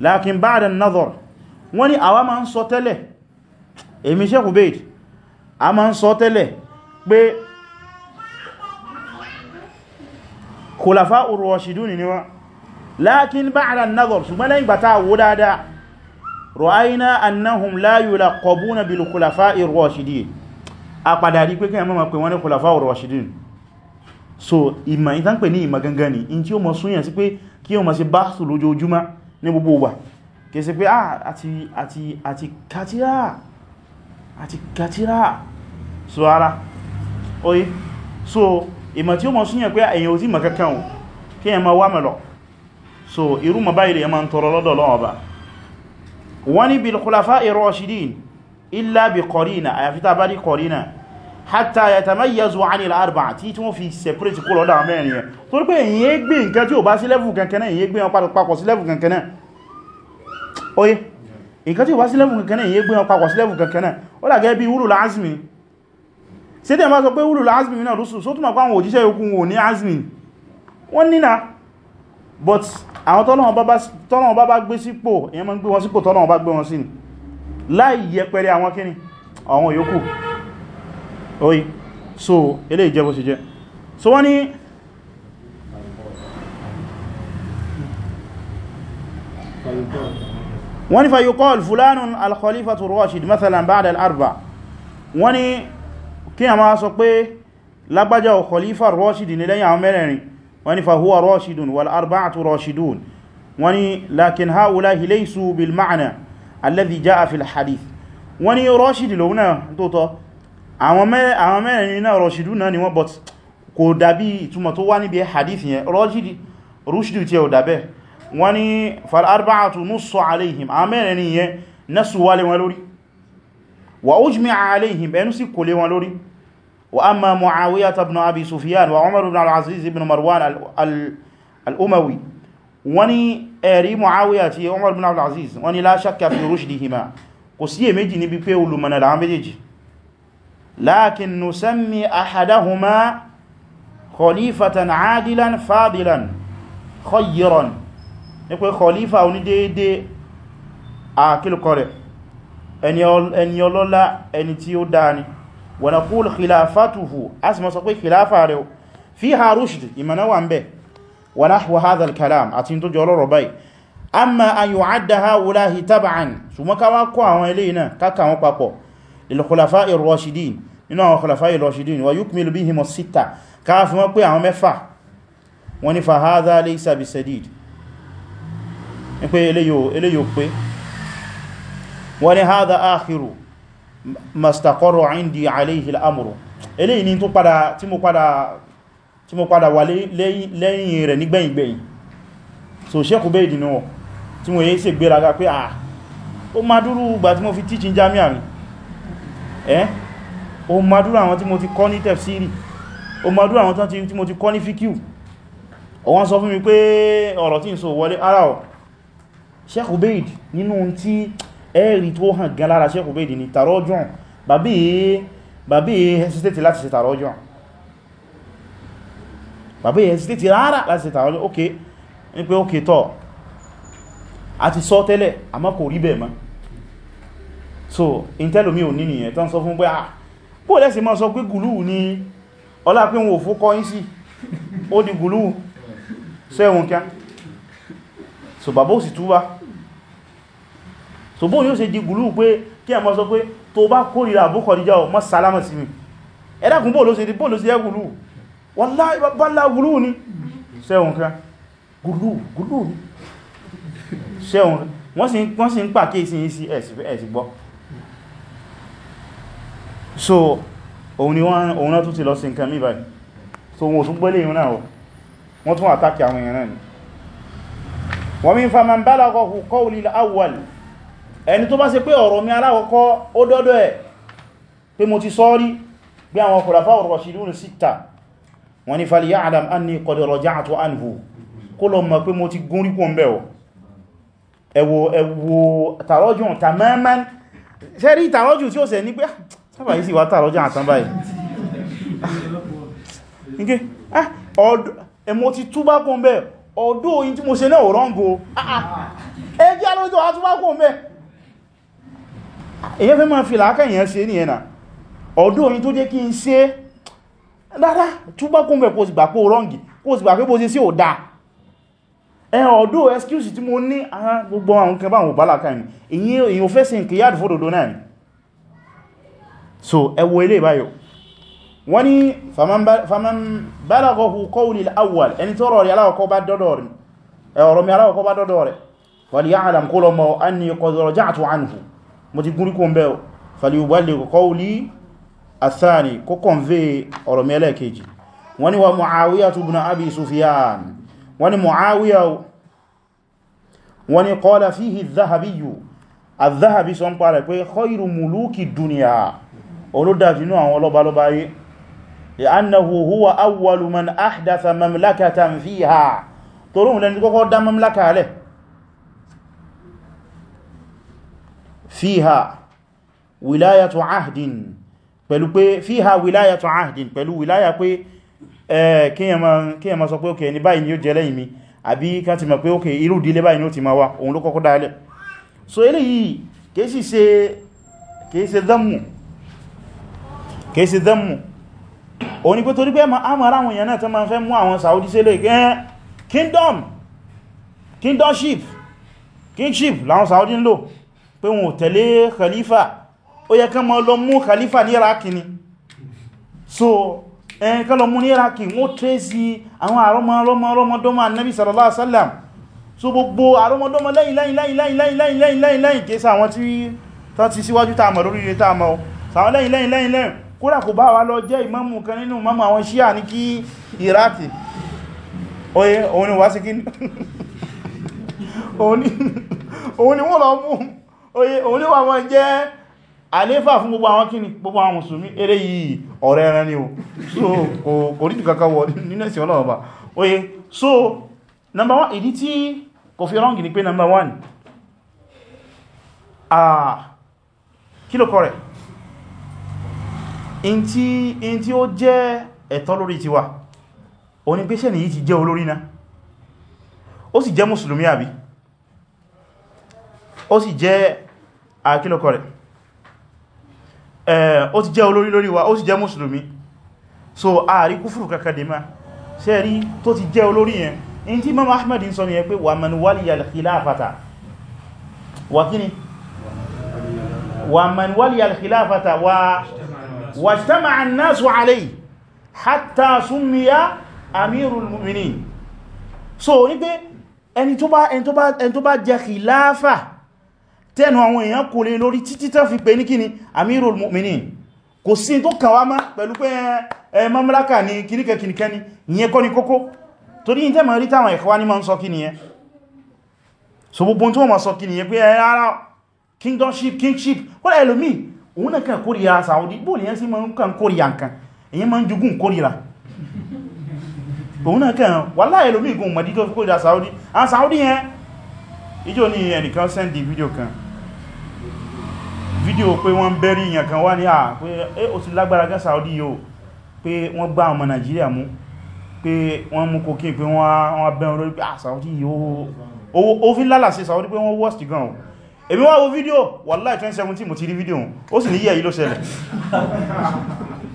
Speaker 1: lakin ba'da an-nazar wani àwa ma ń sọ tẹ́lẹ̀ èmi Sheikh Ubayd a ma ń sọ tẹ́lẹ̀ pé khulafa'ur rashidun ni wọ́n lakin ba'da an-nazar ṣùgbọ́n lẹ́yìn gbata wo dáadáa ra'ayna annahum la yulaqabuna bil khulafa'ir rashidin a padà rí pé kí ma pè wọ́n ní khulafa'ur so ìmọ̀ ìtàn pè ní ìmọ̀ gangan ni in tí ó mọ̀ súnyàn sí pé kí o mọ̀ sí bá sù lójoojúmọ́ ní gbogbo wà kì í pé ah, àti àti so ara oye so ìmọ̀ tí ó mọ̀ súnyàn pé èyàn ò tí mọ̀ kankan o kí èyàn ma wá mẹ́lọ so irú mọ̀ báyìí èyàn ma ń tọrọ lọ́dọ̀ lọ́wọ́ ba wani bil qarina àyàfi tá bá qarina hatta yatamayyazu 'anil arba'a tí tí wọ́n fi separate kó lọ́dá mẹ́rin yẹn torí pé èyí gbé nǹkan tí ó bá sí level kankan náà èyí gbé wọn papọ̀ sí level kankan náà oye nǹkan tí ó bá sí level kankan náà èyí gbé wọn papọ̀ sí level kankan ó dàgẹ́ bí ulul azmi ṣe tẹ́ bá sọ pé ulul azmi náà rusul só túnmọ̀ pàwọn òjíṣẹ́ yòókù wò ní azmi wọ́n nínà but àwọn tọ́lọ́wọ́n bá bá gbé sípò èyàn máa ń gbé wọn sípò tọ́lọ́wọ́n bá gbé wọn sí ni láì yẹpẹrẹ àwọn kíni àwọn yòókù oyi so ilé ìjẹbọ̀ sí jẹ so wọ́n ni wọ́n ni fayuqal fulanun al-khalifatu rashid mathalan ba'da al-arba wọ́n ni kí a máa sọ pé lágbájá o khalifa rashid ní lẹ́yìn àwọn mẹ́rẹ̀rin wọ́n ni fahuwa rashidun wal arba'atu rashidun wọ́n ni lakin ha'ula'i laysu bil ma'na alladhi ja'a fil hadith wọ́n ni rashid lòun náà tótọ́ àwọn mẹ́rin náà rọ̀ṣìdú náà ni wọ́n but kò dàbí ìtumọ̀ tó wá níbi hadith yẹn rọ́ṣìdí rúṣìdí tí ó dàbẹ́ wọ́n ni fal'arba'atu nusu alaihim àwọn mẹ́rin yẹn nasu wálé wọn lórí wa ujmi alaihim ẹnu sí kò lé wọn lórí wa amma muawiya ibn abi sufyan wa umar ibn al-aziz ibn marwan al-umawi wani ẹ̀rí muawiya ti umar ibn al-aziz wani la shakka fi rushdihima kò sí èméjì níbi pé olùmọ̀nà làwọn méjèèjì لكن نسمي أحدهما خليفة عادلا فاضلا خيرا nípe kọlífà oní déédé àkílùkọ rẹ̀ ẹni ọlọ́lá ẹni tí ó dáa ni wa naqulu khilafatuhu a sì mọ́ sọ pé kìláfà rẹ̀ fiha rushd ìmọ̀nà wà ń bẹ̀ wa nahwa hadha al-kalam àti tó jọ ọlọ́rọ̀ báyìí lilkhulafa ar-rashidin nínú àwọn khulafa ar-rashidin wa yukmilu bihim as-sitta ká fi wọ́n pé àwọn mẹ́fà wọ́n ní fa hadha laysa bisadid pé eléyò pé wọ́n ní hadha akhiru mastaqarra 'indi 'alayhi al-amru eléyìí ni tí mo padà wà lẹ́yìn rẹ̀ nígbẹ̀yìngbẹ̀yìn so sẹ́kù bẹ́ ìdínà tí mo yẹ́ sí gbéraga pé ah ó ma dúrú gbà tí mo fi teaching jami'a mi ẹ́ eh? o madúrà àwọn tí mo ti kọ́ ní tefsiri o madúrà àwọn tí mo ti kọ́ ní fíkíù o wọ́n sọ fún mi pé ọ̀rọ̀ tí ń sọ wọlé ara ọ̀ Sheikh Ubaid nínú ti ẹ̀rì tó hàn gan lára Sheikh Ubaid ni tàrọ́jùn babi, e, e hesitate láti ṣe tàrọ́jùn bàbí e hesitate rárá láti ṣe tàrọ́jùn ok ní pé ok tọ́ àti sọ tẹ́lẹ̀ àmọ́ kò rí bẹ́ẹ̀ mọ́ so intelomi ò ni, nìyẹn eh, tán sọ fún pé ah bó lẹ́sì so sọ gulu gùlù ní ọlá pé wọn ò fó kọ́ ìsì ó di gùlù sọ ẹ̀wọ̀n kíá so babo si sì túbá so bó yóò ṣe di gulu pé kí a máa sọ pé tó bá kórìíra àbúkọ̀ díjá ọ mọ́ sálámà sí mi ẹ̀dàkùn bó ló ṣe di bo ló ṣe yẹ gùlù wallahi bàbá gulu ni sọ ẹ̀wọ̀n kíá gulu. gùlù ni sọ ẹ̀wọ̀n pa sì ń pàkíyèsí yìí sí ẹ̀sì gbọ́ so òun ni wọ́n náà tún ti lọ sí nǹkan mí báyìí so wọ́n tún gbélé ìrún náà wọ́n tún àtàkì àwọn èèyàn náà ni wa min faman balaghahu qawli al-awwal ẹni tó bá ṣe pé ọ̀rọ̀ mi alákọ̀ọ́kọ́ ó dọ́dọ̀ ẹ̀ pé mo ti sọ́rí bí àwọn khulafa ar-rashidun sitta wọ́n ni falya'lam anni qad raja'tu anhu kó lọ mọ̀ pé mo ti gún sábà yìí sí wá tààrọ jẹ́ àtàn báyìí nke ah, ah, ẹmọ ti túbá kún bẹ́ ọdún oyin tí mo ṣe náà rọ́ǹgó ah, ẹjẹ́ alójọ́ wá túbá kún bẹ́ èyẹ́ fẹ́ máa fi làákàyàn ṣe ní ẹ̀nà ọdún oyin tó jẹ́ kí n ṣe dára túbá kún bẹ́ kó sì gbà pé rọ́ǹgì kó sì gbà pé bó ṣe sí ò dáa ẹ ọdún excuse tí mo ní gbogbo àwọn kan báwọn ò bá làákàyàn èyí ò fẹ́ ṣe nkìyàdù fódòdó náà ni so ẹwọ ilé ìbáyò wọ́n ni faman balaghahu qawli al-awwal ẹni tó rọrì aláwọ̀kọ́ bá dọ́dọ̀ rẹ̀ falya'lam kó lọ mọ̀ anni qad raja'tu anhu mo ti gúnrí kún bẹ́ẹ̀ falyuballigh qawli athani kó kọ̀nvé ọ̀rọ̀ mi ẹlẹ́ẹ̀kejì wọ́n ni wa Mu'awiyatu ibn Abi Sufyan wọ́n ni Mu'awiya wọ́n ni qala fihi adh-Dhahabi adh sọ ń parẹ̀ pé khayru muluki dunya olódájú inú àwọn ọlọ́balọ́ba ayé annahu huwa awwalu man ahdatha mamlakatan fiha torún lẹ́ni kọ́kọ́ dá mamlaka alẹ́ fiha wilayatu ahdin pẹ̀lú pé fiha wilayatu ahdin pẹ̀lú wilaya pé kíyàn ma sọ pé òkè ní báyìí ni ó jẹ́ lẹ́yìn mi àbí ká ti mọ̀ pé òkè irú dílé báyìí ni ó ti ma wá òun ló kọ́kọ́ dálẹ̀ so eléyìí kìí sì ṣe kìí ṣe dánmù kìí sí dẹ́mù o ní pé torí pé a mọ̀ ara àwọn èèyàn náà tó máa fẹ́ mú àwọn Saudi sílẹ̀ gẹ́ẹ́ kingdom kingdomship kingship láwọn Saudi ń lò pé wọn ò tẹ̀lé khalifa ó yẹ kán mọ́ lọ mú khalifa ní iraki ni so ẹn kán lọ mú ní iraki wọ́n tracy àwọn àrọmọdọ́mọ annabi sallallahu alaihi wasallam so gbogbo àrọmọdọ́mọ lẹ́yìn lẹ́yìn lẹ́yìn lẹ́yìn lẹ́yìn lẹ́yìn lẹ́yìn lẹ́yìn kódà kò bá wá lọ jẹ́ ìmámù kan nínú ìmámù àwọn ṣíà ní kí iraki oye òun ni wá sí kí òun ni wọ́n lọ mú oye òun ni wà wọ́n jẹ́ àléfà fún gbogbo àwọn kíni gbogbo àwọn mùsùlùmí eré yìí ọ̀rẹ́ ẹran ni o so kò rí oye so number one ìdí tí ni pé number one ah kí ló kọ́ rẹ̀ in tí in tí ó jẹ́ ẹ̀tọ́ lórí ti wà o ní pẹ́ṣẹ́ ni yìí ti jẹ́ olórí náà ó sì jẹ́ mùsùlùmí àbí ó sì jẹ́ àkílọ́kọ̀ rẹ̀ ó ti jẹ́ olórí lórí wa ó sì jẹ́ mùsùlùmí so ààrí kúfùrù kàkàdìmá ṣe rí tó ti jẹ́ olórí yẹn in tí Imam Ahmad ń sọ ni yẹn pé wà man waliya al-khilafata wà kíni wà man waliya واجتمع الناس عليه حتى سمي أمير المؤمنين so ní pé ẹni tó bá ẹni tó bá ẹni tó bá jẹ khilafa tẹnu àwọn èèyàn kò lè lórí títí tán fi pè ní kíni amirul mu'minin kò sí tó kàn wá má pẹ̀lú pé ẹ mamlaka ní kíníkẹ kíníkẹ ní ìyẹn kọ́ ní kókó torí ní tẹ́mọ̀ rí táwọn ẹ̀kọ́ ní ma ń sọ kí nìyẹn so gbogbo tó wọ́n ma sọ kí nìyẹn pé ẹ ara kingdomship kingship kọ́lá ẹlòmíì òun náà kàn kórìíra Saudi bóòlù yẹn sí ma ń kàn kórìíra nǹkan èyí ma ń jugún kórìíra òun náà kàn wàláhì ẹlòmí ìgùn mọ̀dí tó fi kórìíra Saudi a Saudi yẹn ìjọ ní ẹnìkan sẹ́ndì fídíò kan fídíò pé wọ́n bẹ́rí èèyàn kan wá ní à pé o ti lágbára gan Saudi yóò pé wọ́n gbá ọmọ Nàìjíríà mú pé wọ́n mú kokéè pé wọ́n bẹ́rún lórí pé à Saudi yóò ó fi lálà sí Saudi pé wọ́n worst èmi wá wo fídíò wàláì 2017 mo ti rí fídíò ó sì ní yíyà yìí ló ṣẹlẹ̀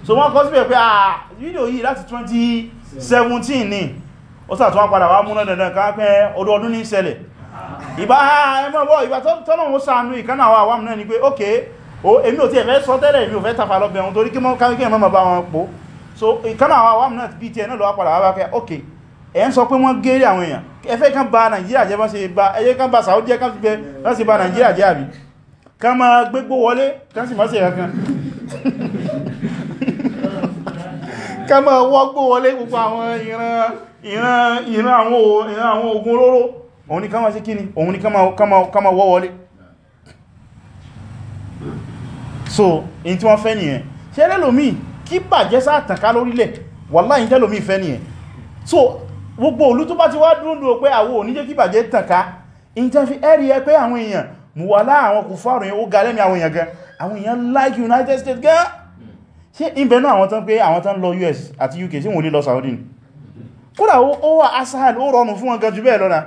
Speaker 1: so wọ́n kọ́ síbẹ̀ pé àà ah, fídíò yìí láti 2017 ni ó sà tó wá padà wá múná dandan ká pẹ́ ọdún ọdún ní ṣẹlẹ̀ ìbá ẹmọ́bọ̀ ìbá tọ́nà ó sàánú ìkánà wà wà múná ni pé ok èmi ò tí ẹ̀fẹ́ sọ tẹ́lẹ̀ èmi so ìkánà wà wà múná bí ti ẹ̀ náà ẹ̀ ń sọ pé wọ́n gẹ́rẹ́ àwọn èèyàn ẹfẹ́ kan bà Nàìjíríà jẹ́ bá ṣe bá ẹyẹ kan bà Saudi kan fi bẹ wọ́n sì bà Nàìjíríà jẹ́ àbí ká ma gbégbó wọlé kan sì má ṣe ẹ̀kan ká ma wọ́gbó wọlé gbogbo àwọn ìran àwọn ogun olóró òun ni ká ma ṣe kíni òun ni ká ma wọ́ wọlé so in tí wọ́n fẹ́ nìyẹn ṣe lẹ́lòmí kí bàjẹ́ sáà tàn ká lórílẹ̀ wàláhí tẹ́lòmí fẹ́ nìyẹn so gbogbo olú tó bá ti wá dúndùn pé àwọ oníjẹ́ kí bàjẹ́ tànká in tẹ́ fi ẹ́rí ẹ pé àwọn èèyàn mú wà láàwọn kò fárùn ó ga lẹ́mí àwọn èèyàn gan àwọn èèyàn like United States gan ṣe ìbẹ̀nú àwọn tán pé àwọn tán lọ US àti UK sí wọ́n lè lọ Saudi kódà ó wà asahal ó rọrùn fún wọn gan jù bẹ́ẹ̀ lọ́nà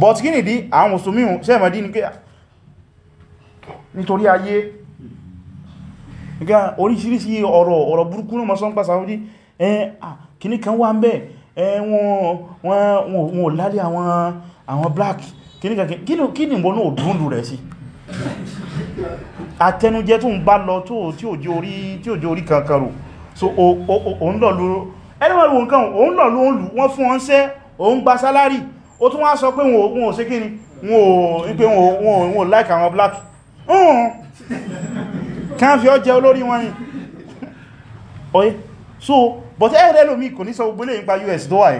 Speaker 1: but kí nìdí àwọn mùsùlùmí sẹ́mọ̀dí ni pé nítorí ayé oríṣiríṣi ọ̀rọ̀ ọ̀rọ̀ burúkú náà mọ́ sọ́n pa Saudi kìní kan wà ń bẹ́ wọn lálẹ́ àwọn black kìní kan kí ni wọ́n náà dúndù rẹ̀ sí àtẹnujẹ tó ń bá lọ tí ò jẹ́ orí kankanrò so òun lọ lóró ẹlẹ́wọ̀n wọn kan òun lọ ló ń lù wọ́n fún wọn ṣẹ́ òun gba sálárì ó tún wá sọ pé wọn ò ṣe kí ni wọn ò like àwọn black kan fi ọ jẹ olórí wọn ni oye so but ẹ̀rẹ́ lómi kò ní sọ gbogbo lè nípa us tó wà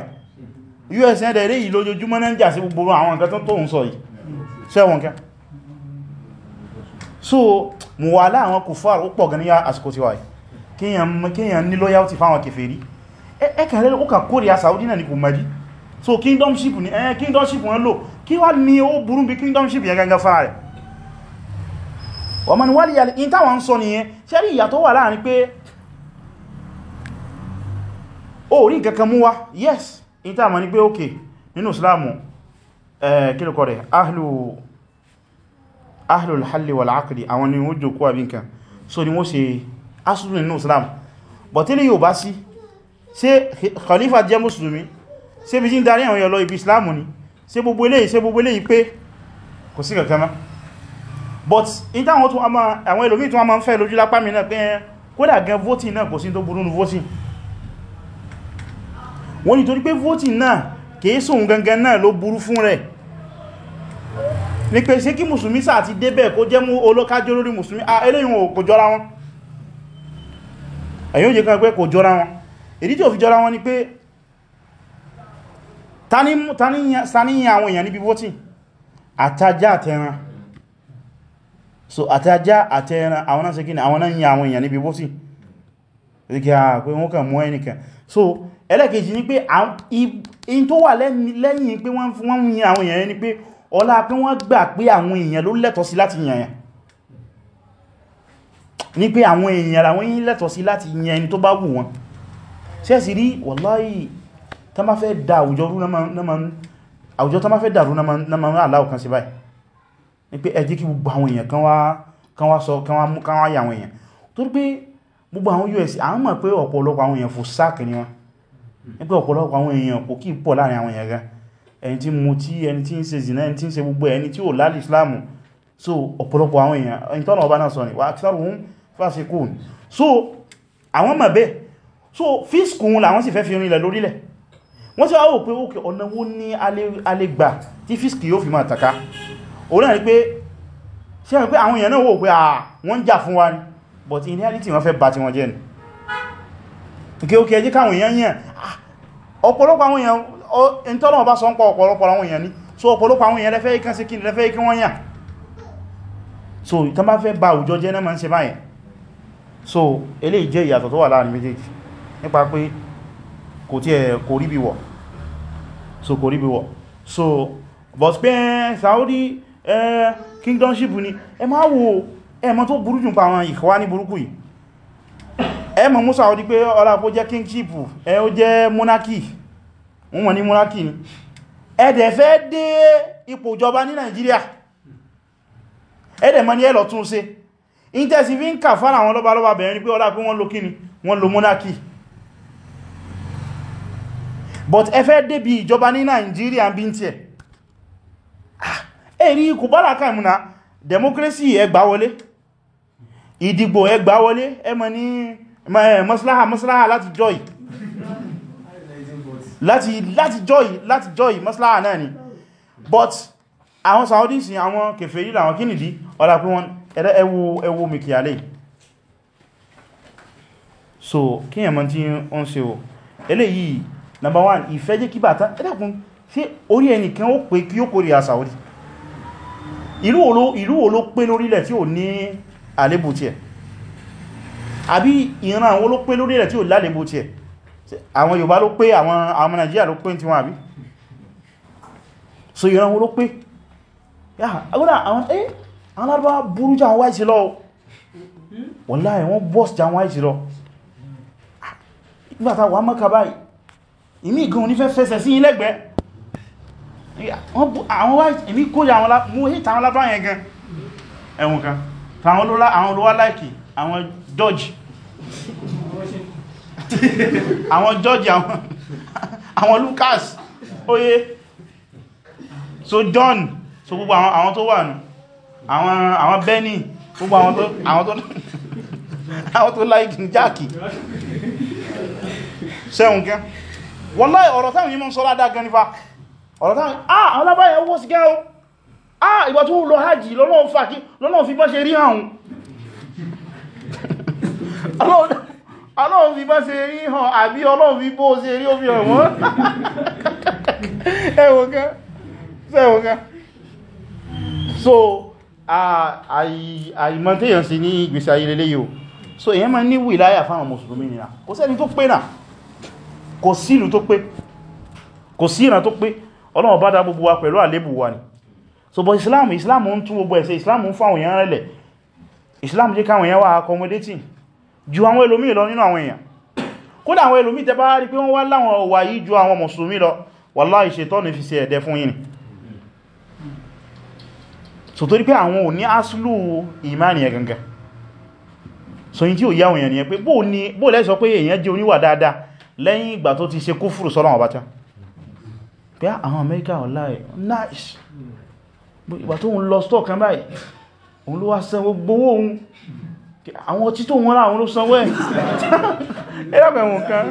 Speaker 1: yìí us ẹ̀rẹ́ rẹ̀ yìí lójoojúmọ́ náà ń jà sí gbogbo àwọn nǹkan tó ń sọ yìí sẹ́wọ̀n kẹ́ so mù wà láàwọn kò fà ó pọ̀ gan ní àsìkò tí wà yìí kíyàn ní Saudi náà ní so kingdomship ni eh kingdomship wọn lò kí wá ní ó kingdomship yẹn gangan fara rẹ̀ wọ́n mọ́ ni wálìyà ní táwọn ń wà láàrin pé ó rí nǹkankan mú wá yes in ta ma ní pé òkè nínú islamu eh, kílùkọ rẹ̀ ahlul halli wal aqdi àwọn ni wọ́n jòkó àbí nǹkan so ni wọ́n ṣe asùlù nínú islamu but tí lè yóò bá sí ṣe khalifa jẹ́ musulmi Se bí jín darí àwọn yọ lọ ibi islamu ni ṣe gbogbo eléyìí ṣe gbogbo eléyìí pé kò sí kankan but in táwọn àwọn ẹlòmí tí wọ́n máa ń fẹ́ lójú lápá mi náà pé eh, kódà gan voting náà kò sí tó burú nu voting wọ́n ni torí pé voting náà kìí sóhun gangan náà ló burú fún rẹ̀ ní pé ṣe kí mùsùlùmí sáà ti débẹ̀ kó jẹ́ mú olókájọ́ lórí mùsùlùmí a ah, eléyìn kò jọra wọn èyí ò jẹ́ kan pé kò jọra wọn èdí tí ò fi jọra wọn ni pé taníyàn àwọn èèyàn níbi voting àtajá àtẹran so àtajá àtẹran àwọn náà ṣe kí ni àwọn náà yìn àwọn èèyàn níbi voting ríkẹ́ à ah, pé wọ́n kàn mú ẹnìkan so ẹlẹ́kejì ni pé in tó wà lẹ́yìn pé wọ́n fún wọ́n yin àwọn èèyàn ni pé ọlá pé wọ́n gbà pé àwọn èèyàn ló lẹ́tọ̀ sí láti yẹn ni pé àwọn èèyàn àwọn yìí lẹ́tọ̀ sí láti yẹn ẹni tó bá wù wọn sẹ́sì rí wàláhì tán bá fẹ́ da àwùjọ àwùjọ tán bá fẹ́ na ma kan sí báyìí ni pé ẹ jẹ́ kí gbogbo àwọn èèyàn kan wá sọ kan wá yà gbogbo àwọn US a ń mọ̀ pé ọ̀pọ̀lọpọ̀ àwọn èèyàn fò sáàkì ni wọ́n ní pé ọ̀pọ̀lọpọ̀ àwọn èèyàn kò kí pọ̀ láàrin àwọn èèyàn gan ẹni tí mú tí ẹni tí ń ṣe zìnà ẹni tí ń ṣe gbogbo ẹni tí ó lálì islamu so ọ̀pọ̀lọpọ̀ àwọn èèyàn ẹni tọ́nà ọba náà sọ ni wà á so àwọn mọ̀ so fiskun làwọn sì fẹ́ fi rinlẹ̀ lórílẹ̀ wọ́n sì wáwò pé ókè ọ̀nà wo ní alégbà tí fiski yóò fi máa tàka òun náà ni pé ṣe pé àwọn èèyàn náà wò pé à wọ́n ń jà fún wa ni but in reality wọ́n fẹ́ bà ti wọn jẹ́ ni nke oke ẹjí káwọn èèyàn yẹn ah, ọ̀pọ̀lọpọ̀ àwọn èèyàn ìtọ́lọ̀wọ̀ bá sọ ń pọ̀ ọ̀pọ̀lọpọ̀ àwọn èèyàn ni so ọ̀pọ̀lọpọ̀ àwọn èèyàn lẹ́fẹ́ ikán sí kí lẹ́fẹ́ ikán wọ́n yàn so ìtàn bá fẹ́ bà àwùjọ jẹ́ náà ma ń ṣe báyẹn so eléyìí jẹ́ ìyàtọ̀ tó wà láàrin méjèèjì nípa pé kò tí ẹ̀ kò rí bí wọ̀ so kò rí bí wọ̀ so but pé eh, Saudi eh, kingdomship ni ẹ máa wo ẹmọ tó burú jùn pa àwọn ìkọwá ní burúkú yìí ẹmọ musa ọdí pé ọlá kó jẹ́ kingship ẹ ó jẹ́ monarchy wọ́n wọ́n ní monarchy ni ẹ̀dẹ̀ fẹ́ dé ipò ìjọba ní Nàìjíríà ẹ̀dẹ̀ mọ́ ní ẹlọ tún ṣe intẹ́sí fi ń kà fún àwọn lọ́balọ́ba bẹ̀rẹ̀ pé ọlá pé wọ́n lo kíni wọ́n lo monarchy but ẹ fẹ́ dé bí ìjọba ní Nàìjíríà bí ń tiẹ̀ èrí kò bára kàìmùnà democracy ẹgbà wọlé ìdìgbò ẹgbà wọlé ẹmọ ní maslaha maslaha láti jọ́ì láti jọ́ì láti jọ́ì maslaha náà ni but àwọn Saudis ni àwọn kèfèrí làwọn kí nìdí ọ̀lá pé wọn ẹwọ ẹwọ mikiyale so kíyàn mọ́ tí ó ń ṣe o eléyìí number one ìfẹ́ jẹ́ kí bàtá ẹ̀dàkùn sí orí ẹnìkan ó pé kí Saudi ìlú wo ló pé lórílẹ̀ tí ò ní àlébù tí ẹ̀ àbí ìran àwọn ló pé lórí rẹ̀ tí ò lálébù tí ẹ̀ àwọn Yorùbá ló pé àwọn àwọn Nàìjíríà ló pé tí wọ́n àbí so ìran àwọn ló pé àwọn Lárúbá burú jà wáyé sí lọ wọ́láyé wọ́n bọ́s jà wáyé sí lọ nígbàtà wà mọ́ka báyìí ìmí ìgan onífẹ́ fẹsẹ̀ sí ilẹ́gbẹ̀ẹ́ àwọn wáyé ìmí kó yà àwọn lábáyẹn gan ẹ̀wọ̀n kan àwọn olówá àwọn olówá láìkì àwọn jọ́jì àwọn jọ́jì àwọn Lucas oye so John so gbogbo àwọn tó wà nù àwọn Benny gbogbo àwọn tó láìkì jáàkì sẹ́hùn kẹ́ wọ́n láì ọ̀rọ̀ táwọn yímọ̀ sọ́lá dá gan nípa ọ̀rọ̀ táwọn ah alábáyẹ̀ owó sí gẹ́ ah ìgbà tó lọ hajji lọ́lọ́run fà kí lọ́lọ́run fi bá ṣe rí hàn ọlọ́run fi bá ṣe rí hàn àbí ọlọ́run fi bó ṣe rí òfin ọ̀wọ́n ẹwọ̀n kan sẹ́wọ̀n kan so àìmọ̀tẹ́yàn sí ní ìgbésí ayé lélé yìí so èyàn máa ní wìláyà fáwọn mùsùlùmí nìyà kò sẹ́ni tó pé náà kò sí ìlú tó pé kò sí ìran tó pé ọlọ́run bá dá gbogbo wa pẹ̀lú àlébù wa ni so but islam islam ń tún gbogbo ẹ̀sẹ̀ islam ń fáwọn èèyàn rẹ̀lẹ̀ islam jẹ́ káwọn èèyàn wà accommodating ju àwọn ẹlòmí lọ nínú àwọn èèyàn kódà àwọn ẹlòmí tẹ bá rí pé wọ́n wá láwọn ọwà yìí ju àwọn mùsùlùmí lọ wallahi ṣètọ́nù fi ṣe ẹ̀dẹ̀ fún yìí so torí pé àwọn ò ni ẹ pé bó lẹ́sọ pé èèyàn jẹ́ oníwà dáadáa ah, amẹ́ríkà ọ̀láì nice ìgbà tó ń lọ stock kan báyìí òun ló wá sanwó gbówó òun àwọn ọtí tó wọ́n láwọn ló sanwó ẹ̀ [LAUGHS] ẹ̀rọ̀bẹ̀wọ̀n kan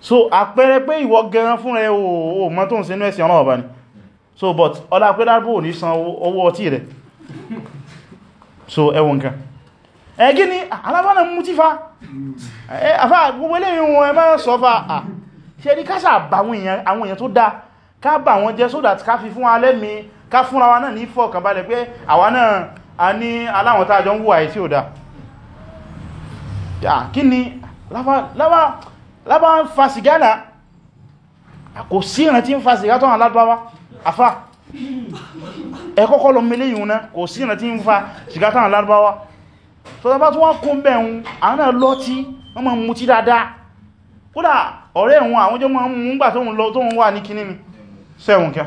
Speaker 1: so àpẹẹrẹ pé ìwọ gan fún rẹ o mọ́ tó ń ṣe inú ẹ̀sìn ọ̀nà ọ̀bá ni so but ọlá pé dábò ní san owó ọtí rẹ̀ so ẹwọ̀n kan ẹgí ni alábánà mú tí fa àfá gbogbo eléyìn wọn ẹ máa sọ fa à ṣe ní káṣà àwọn èèyàn tó dáa ká bà wọn jẹ́ so that ká fi fún alẹ́mi ká fúnra wa náà ní fọ̀kànbalẹ̀ pé àwa náà a ní aláwọn tá jọ ń wùwà tí ó dá kí ni lábá ń fa sìgá náà kò sí ìrìn tí ń fa sìgá tó hàn lábáwá afá ẹ̀kọ́kọ́ lọ mẹ́lẹ̀ yìí náà kò sí ìrìn tí ń fa sìgá tó hàn lábáwá tó tàbá tó wọ́n kún bẹ̀rún àwọn náà lọ́tí wọ́n máa mutí dáadáa kódà ọ̀rẹ́ ẹ̀wọ̀n àwọn jọ máa ń sẹ́wọ̀n kẹ́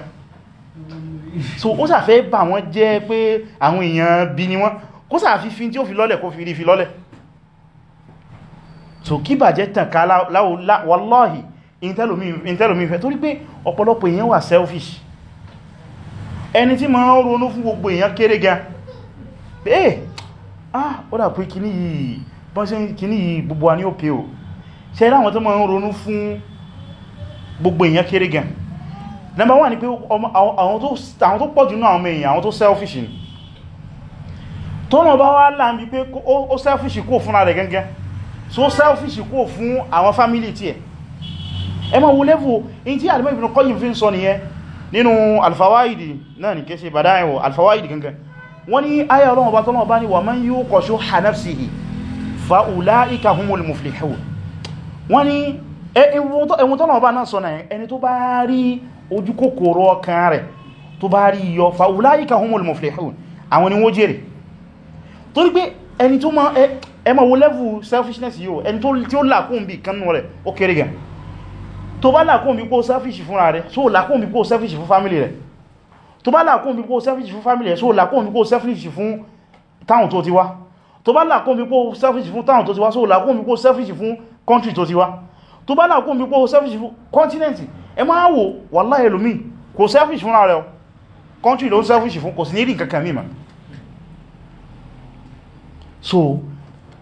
Speaker 1: so ó sàfẹ́ bà wọ́n jẹ́ pé àwọn èèyàn bí ni wọ́n kó sàfífín tí ó fi lọ́lẹ̀ kó fi rí fi lọ́lẹ̀ so kí bàjẹ́ tàn ká wàláhì intelomi fẹ́ torí pé ọ̀pọ̀lọpọ̀ èèyàn wà selfish ẹni tí ma ń ronú fún gbogbo èèyàn kéré gan pé eh, ah ó dà pé kíní yìí bọ́nsẹ́ kíní yìí gbogbo wa ní ó pé ṣe láwọn tó ma ń ronú fún gbogbo èèyàn kéré gan number one ni pé àwọn tó pọ̀jù náà àwọn èèyàn àwọn tó selfish ni tó náà bá wá láàbí pé ó selfish kó fúnra rẹ̀ gẹ́gẹ́ so selfish kó fún àwọn family tí ẹ̀ ẹ ma wo level in tí Al-Imam Ibn Qayyim fi ń sọ nìyẹn nínú al-Fawaidi náà ni kéṣe bàdáyẹ̀wò al-Fawaidi gẹ́gẹ́ wọ́n ní ayà ọlọ́wọ́ bá tọ́lọ́wọ́ bá ní wa man yuqa shuhha nafsihi fa ulaika humul muflihun wọ́n ní ẹwọ́n tọ́lọ́wọ́ bá náà sọ náà ẹni tó bá rí ojú kòkòrò ọkàn rẹ̀ tó bá rí yọ fa ulaika humul muflihun àwọn ni wọ́n jèrè torí pé ẹni tó ma ẹ ma wo level selfishness yíò ẹni tí ó làkún bí kanú rẹ̀ ó kéré gan tó bá làkún bí kó selfish fúnra rẹ̀ so làkún bí kó selfish fún family rẹ̀ tó bá làkún bí kó selfish fún family rẹ̀ so làkún bí kó selfish tó bá làkún bí kó selfish fún ẹ máa wò wallahi ẹlòmí kò selfish fúnra rẹ̀ country ló selfish fún kò sí ní kankan mímọ̀ so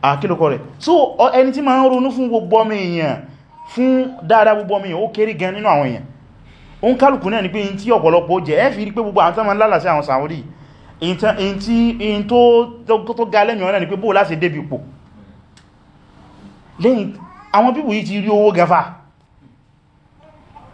Speaker 1: àkílùkọ rẹ̀ so ẹni tí ma ń ronú fún gbogbo ọmọ èèyàn fún dáadáa gbogbo ọmọ èèyàn ó kéré gan nínú àwọn èèyàn ó ń kálùkù náà ni pé in tí ọ̀pọ̀lọpọ̀ jẹ́ ẹ́ fi rí pé gbogbo àwọn tánmà lálàsí àwọn Saudi in tí in tó ga lẹ́mìí ọ̀nà ni pé bóò láti débi pò lẹ́yìn àwọn pípò yìí ti rí owó gafa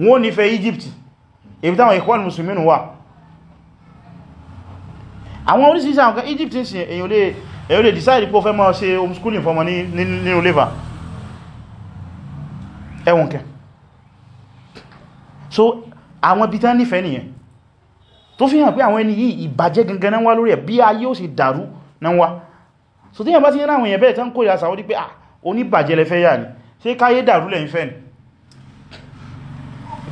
Speaker 1: wọ́n nífẹ̀ẹ́ Egypt ibi táwọn Ikhwan Muslimin wà àwọn orísìírísìí àwọn kan Egypt ń sin èyàn lè decide pé ó fẹ́ máa ṣe homeschooling fọmọ nínú lẹ́fà ẹwọ̀n kẹ so àwọn ibi tán nífẹ̀ẹ́ nìyẹn tó fi hàn pé àwọn ẹni yìí ìbàjẹ́ gangan náà wá lórí ẹ̀ bí ayé ó sì dàrú náà wá so tí yẹn bá ti yẹn láwọn èèyàn bẹ́ẹ̀ tán kó ìyà Saudi pé ah oníbàjẹ́ lẹ́fẹ́ yà ní ṣe káyé dàrú lẹ́yìn fẹ́ ni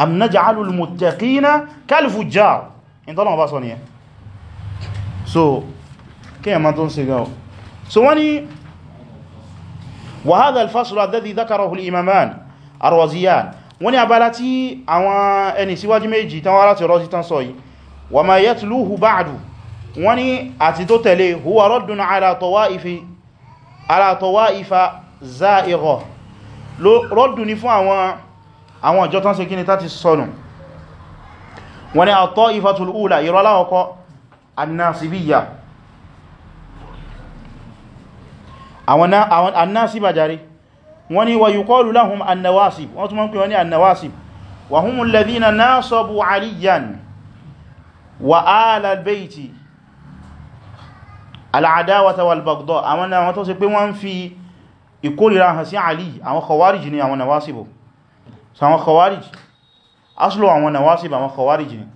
Speaker 1: am naj'alu al-muttaqina kal-fujjar in tọ́lọ̀ bá sọ ni ẹ so kí ẹ̀mà tó ń se gáwọ́ so wani wa hadha al-faslu alladhi dhakarahu al-imaman ar-raziyan wani abala tí àwọn ẹni síwájú méjì tán wá láti rọ́sí tán sọ yìí wa ma yatluhu ba'du wani àti tó tẹ̀lé huwa raddun ala tawa'ifi ala rọ́dùn ni fún àwọn àwọn ìjọ tán ṣe kí ni tá ti sọnù wọ́n ni àtọ́ ìfàtul ula ìrọ́ aláwọ̀kọ́ annasibiyya àwọn annasiba jari wọ́n ni wa yuqalu lahum annawasib wọ́n tún mọ́ pé wọ́n ni annawasib wa humu alladhina nasabu aliyan wa ala al'adawata wal baghdha àwọn tó ṣe pé wọ́n fi ìkórìíra hàn ali àwọn khawarij àwọn nawasibu so àwọn khawarij aslu àwọn nawasib àwọn khawarij ni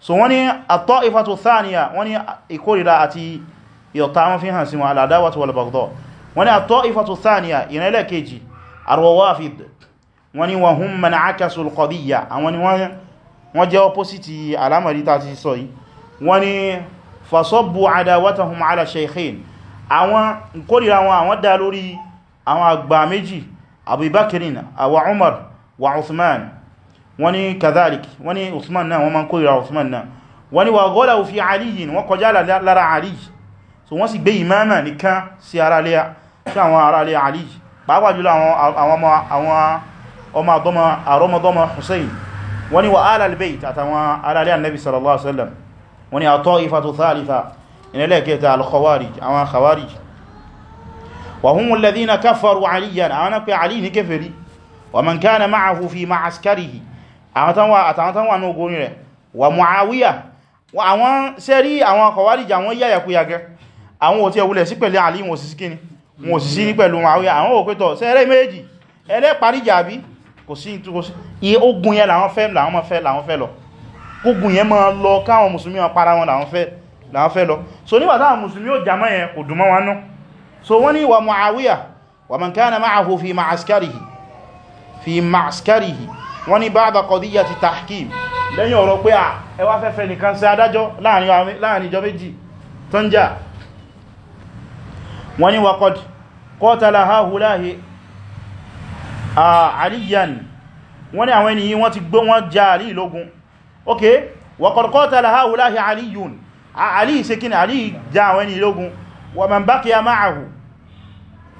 Speaker 1: so wọ́n ní at-ta'ifatu thaniya wọ́n ní ìkórìíra àti ìyọ̀ta wọn fi hàn sí wọn al-adawatu wal-baghdha wọ́n ní at-ta'ifatu thaniya ìrìnlẹ̀ kejì ar-rawafid wọ́n ní wa hum man akasu al-qadiyya àwọn ni wọ́n jẹ́ opposite alamari ta ti sọ yìí wọ́n Umar wa Uthman wọ́n ní kadhalik wọ́n ní Uthman náà wọ́n ma ń kórìíra Uthman náà wọ́n ní wa gọ́lá fi aliyin wọ́n kọjá lára Ali so wọ́n sì gbé imama nìkan sí ara lé àwọn ara lé Ali pàápàá jùlọ àwọn ọmọ àdọ́mọ àrọmọdọ́mọ Hussein wọ́n ní wa alal bayt àtàwọn ara lé annabi sallallahu alaihi wasallam wọ́n ní at-ta'ifatu thalitha ìrẹ́lẹ́kẹta al-khawarij àwọn khawarij wa humul ladhina kafaru aliyan àwọn pé Ali ní kèfèrí ومن كان معه في fi ma'askarihi àwọn tán wà àtàwọn tán wà ní ogun rẹ̀ wa muawiya àwọn sẹ́rí àwọn kọwàríjà wọ́n yáyà kú yagẹ́ àwọn òtí ẹwulẹ̀ sí pẹ̀lú àlí wọn òsìsí kíní wọn òsìsí ní pẹ̀lú muawiya àwọn òpétọ̀ sẹ́rẹ́ méjì ẹlẹ́paríjà bí kò sí ogun yẹn làwọn fẹ́ làwọn fẹ́ làwọn fẹ́ lọ ogun yẹn máa lọ káwọn musulmi wọn para wọn làwọn fẹ́ làwọn fẹ́ lọ so nígbà táwọn musulmi ó jàmọ́ yẹn kò dùnmọ́ wọn nú so wọ́n wa muawiya wa man kana ma'ahu fi ma'askarihi fi ma'askarihi wọ́n ní ba'da qadiyyati tahkim lẹ́yìn ọ̀rọ̀ pé à ẹwà fẹ́fẹ́ nìkan sí adájọ́ láàrin ìjọ méjì tó ń jà wọ́n ní waqad qatala ha'ula'i aliyan wọ́n ní àwọn ènìyàn wọ́n ti gbé wọ́n já àlì ìlógún ok waqad qatala ha'ula'i aliyun àlì ìsekín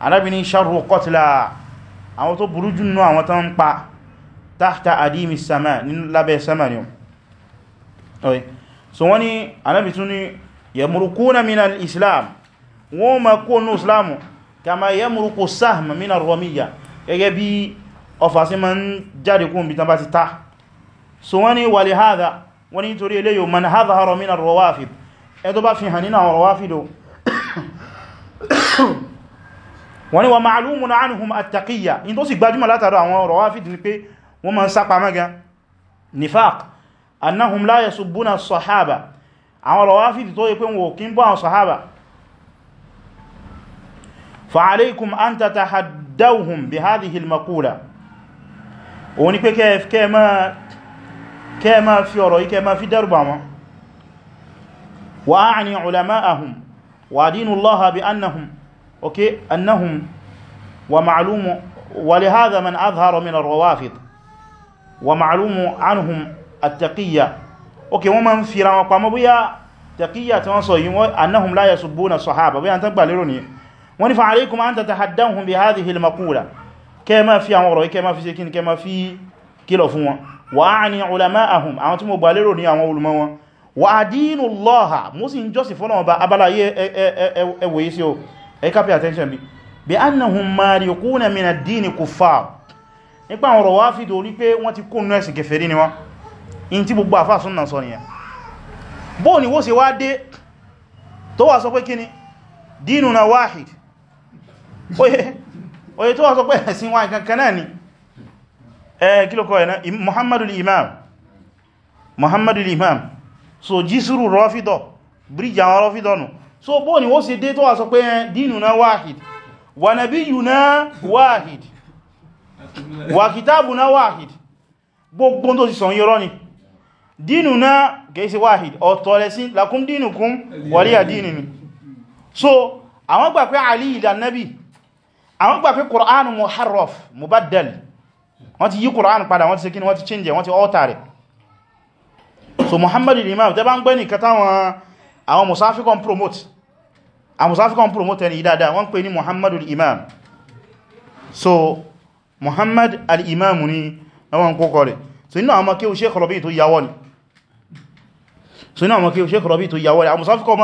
Speaker 1: Ànábì ní sharru qatla àwọn tó burú jù nínú àwọn tán ń pa tahta adimi sama ní lábẹ́ sama ni ọ̀rẹ́ so wọ́n ni Ànábì tún ni yamurukuna minal islam wọ́n ma kó ní islamu kama yamuruku sahma minar romiya gẹ́gẹ́ bí ọfà sí ma ń jáde kún bitan bá ti ta so wọ́n ni wàlì hadha wọ́n ni torí eléyò man hadha haro minar rawafid ẹ tó bá fi hàn nínú àwọn wọ́n ni wọ́n ma'alumun anhum attaqiyya in tó sì gbajúmọ̀ látàrí àwọn rawafid ni pé wọ́n ma ń sápa mẹ́ga nifaq annahum la yasubbuna sahaba àwọn rawafid tó yẹ pé wọ́n kí ń bọ́ àwọn sahaba fa'alaikum wa a'ni ulama'ahum bi annahum okay annahum wa ma'lumu wa li hadha man azhara min ar-rawafid wa ma'lumu anhum at-taqiyya okay wọ́n man fira wọn pa mọ́ bóyá taqiyya tí wọ́n sọ yìí wọ́n annahum la yasubuna sahaba bóyá tan gba lérò ni wọ́n ní fa alaykum an tatahaddahum bi hadhihi al-maqula kema fi àwọn ọ̀rọ̀ kema fi ṣe kíni kema fi kìlọ̀ fún wọn wa ani ulama'ahum àwọn tí mo gba lérò ni àwọn ulama wọn wa adinu allaha mo sì ń jọ́sìn fọ́nà ọba abalaye ẹwòye sí o ẹ̀ká pay attention bí bí annahum mariquna min ad-din kuffar nípa àwọn Rawafid ní pé wọ́n ti kó nẹ́sì kèfèrí ni wọ́n in tí gbogbo àfáà súnnà sọ nìyà bó ni wó se wá dé tó wà sọ pé kíni dinuna wahid oye tó wà sọ pé ẹ̀sìn wa kankan náà ni ẹ̀ kí ló ẹ̀nà Muhammadul Imam Muhammadul Imam so jisuru Rafida bridge àwọn Rafida nù no so bó ni wọ́n ṣe dé tó wà sọ pé eh, dinuna wahid wa nabiyuna wahid wa kitabuna wahid gbogbo tó sì sọ yọrọ ni dinuna kèèsì wahid ọ̀tọ̀ rẹ̀ sí lakum dinukum waliya dinini so àwọn gbà pé Ali ila nabi àwọn gbà pé Qur'an muharraf mubaddal wọ́n ti yí Qur'an padà wọ́n ti ṣe kíni wọ́n ti change wọ́n ti alter rẹ̀ so Muhammadu imam tẹ́ bá ń gbẹ́ nìkan táwọn àwọn musafikon promote àmùsáfíkàn promoter ni dáadáa wọ́n pè ní muhammadu al-imam so muhammad al-imam ni àwọn kókọ rẹ̀ so inú àwọn kí o Sheikh Rabi tó yàwọ́ ni so inú àwọn kí o Sheikh Rabi tó yàwọ́ ni àmùsáfíkàn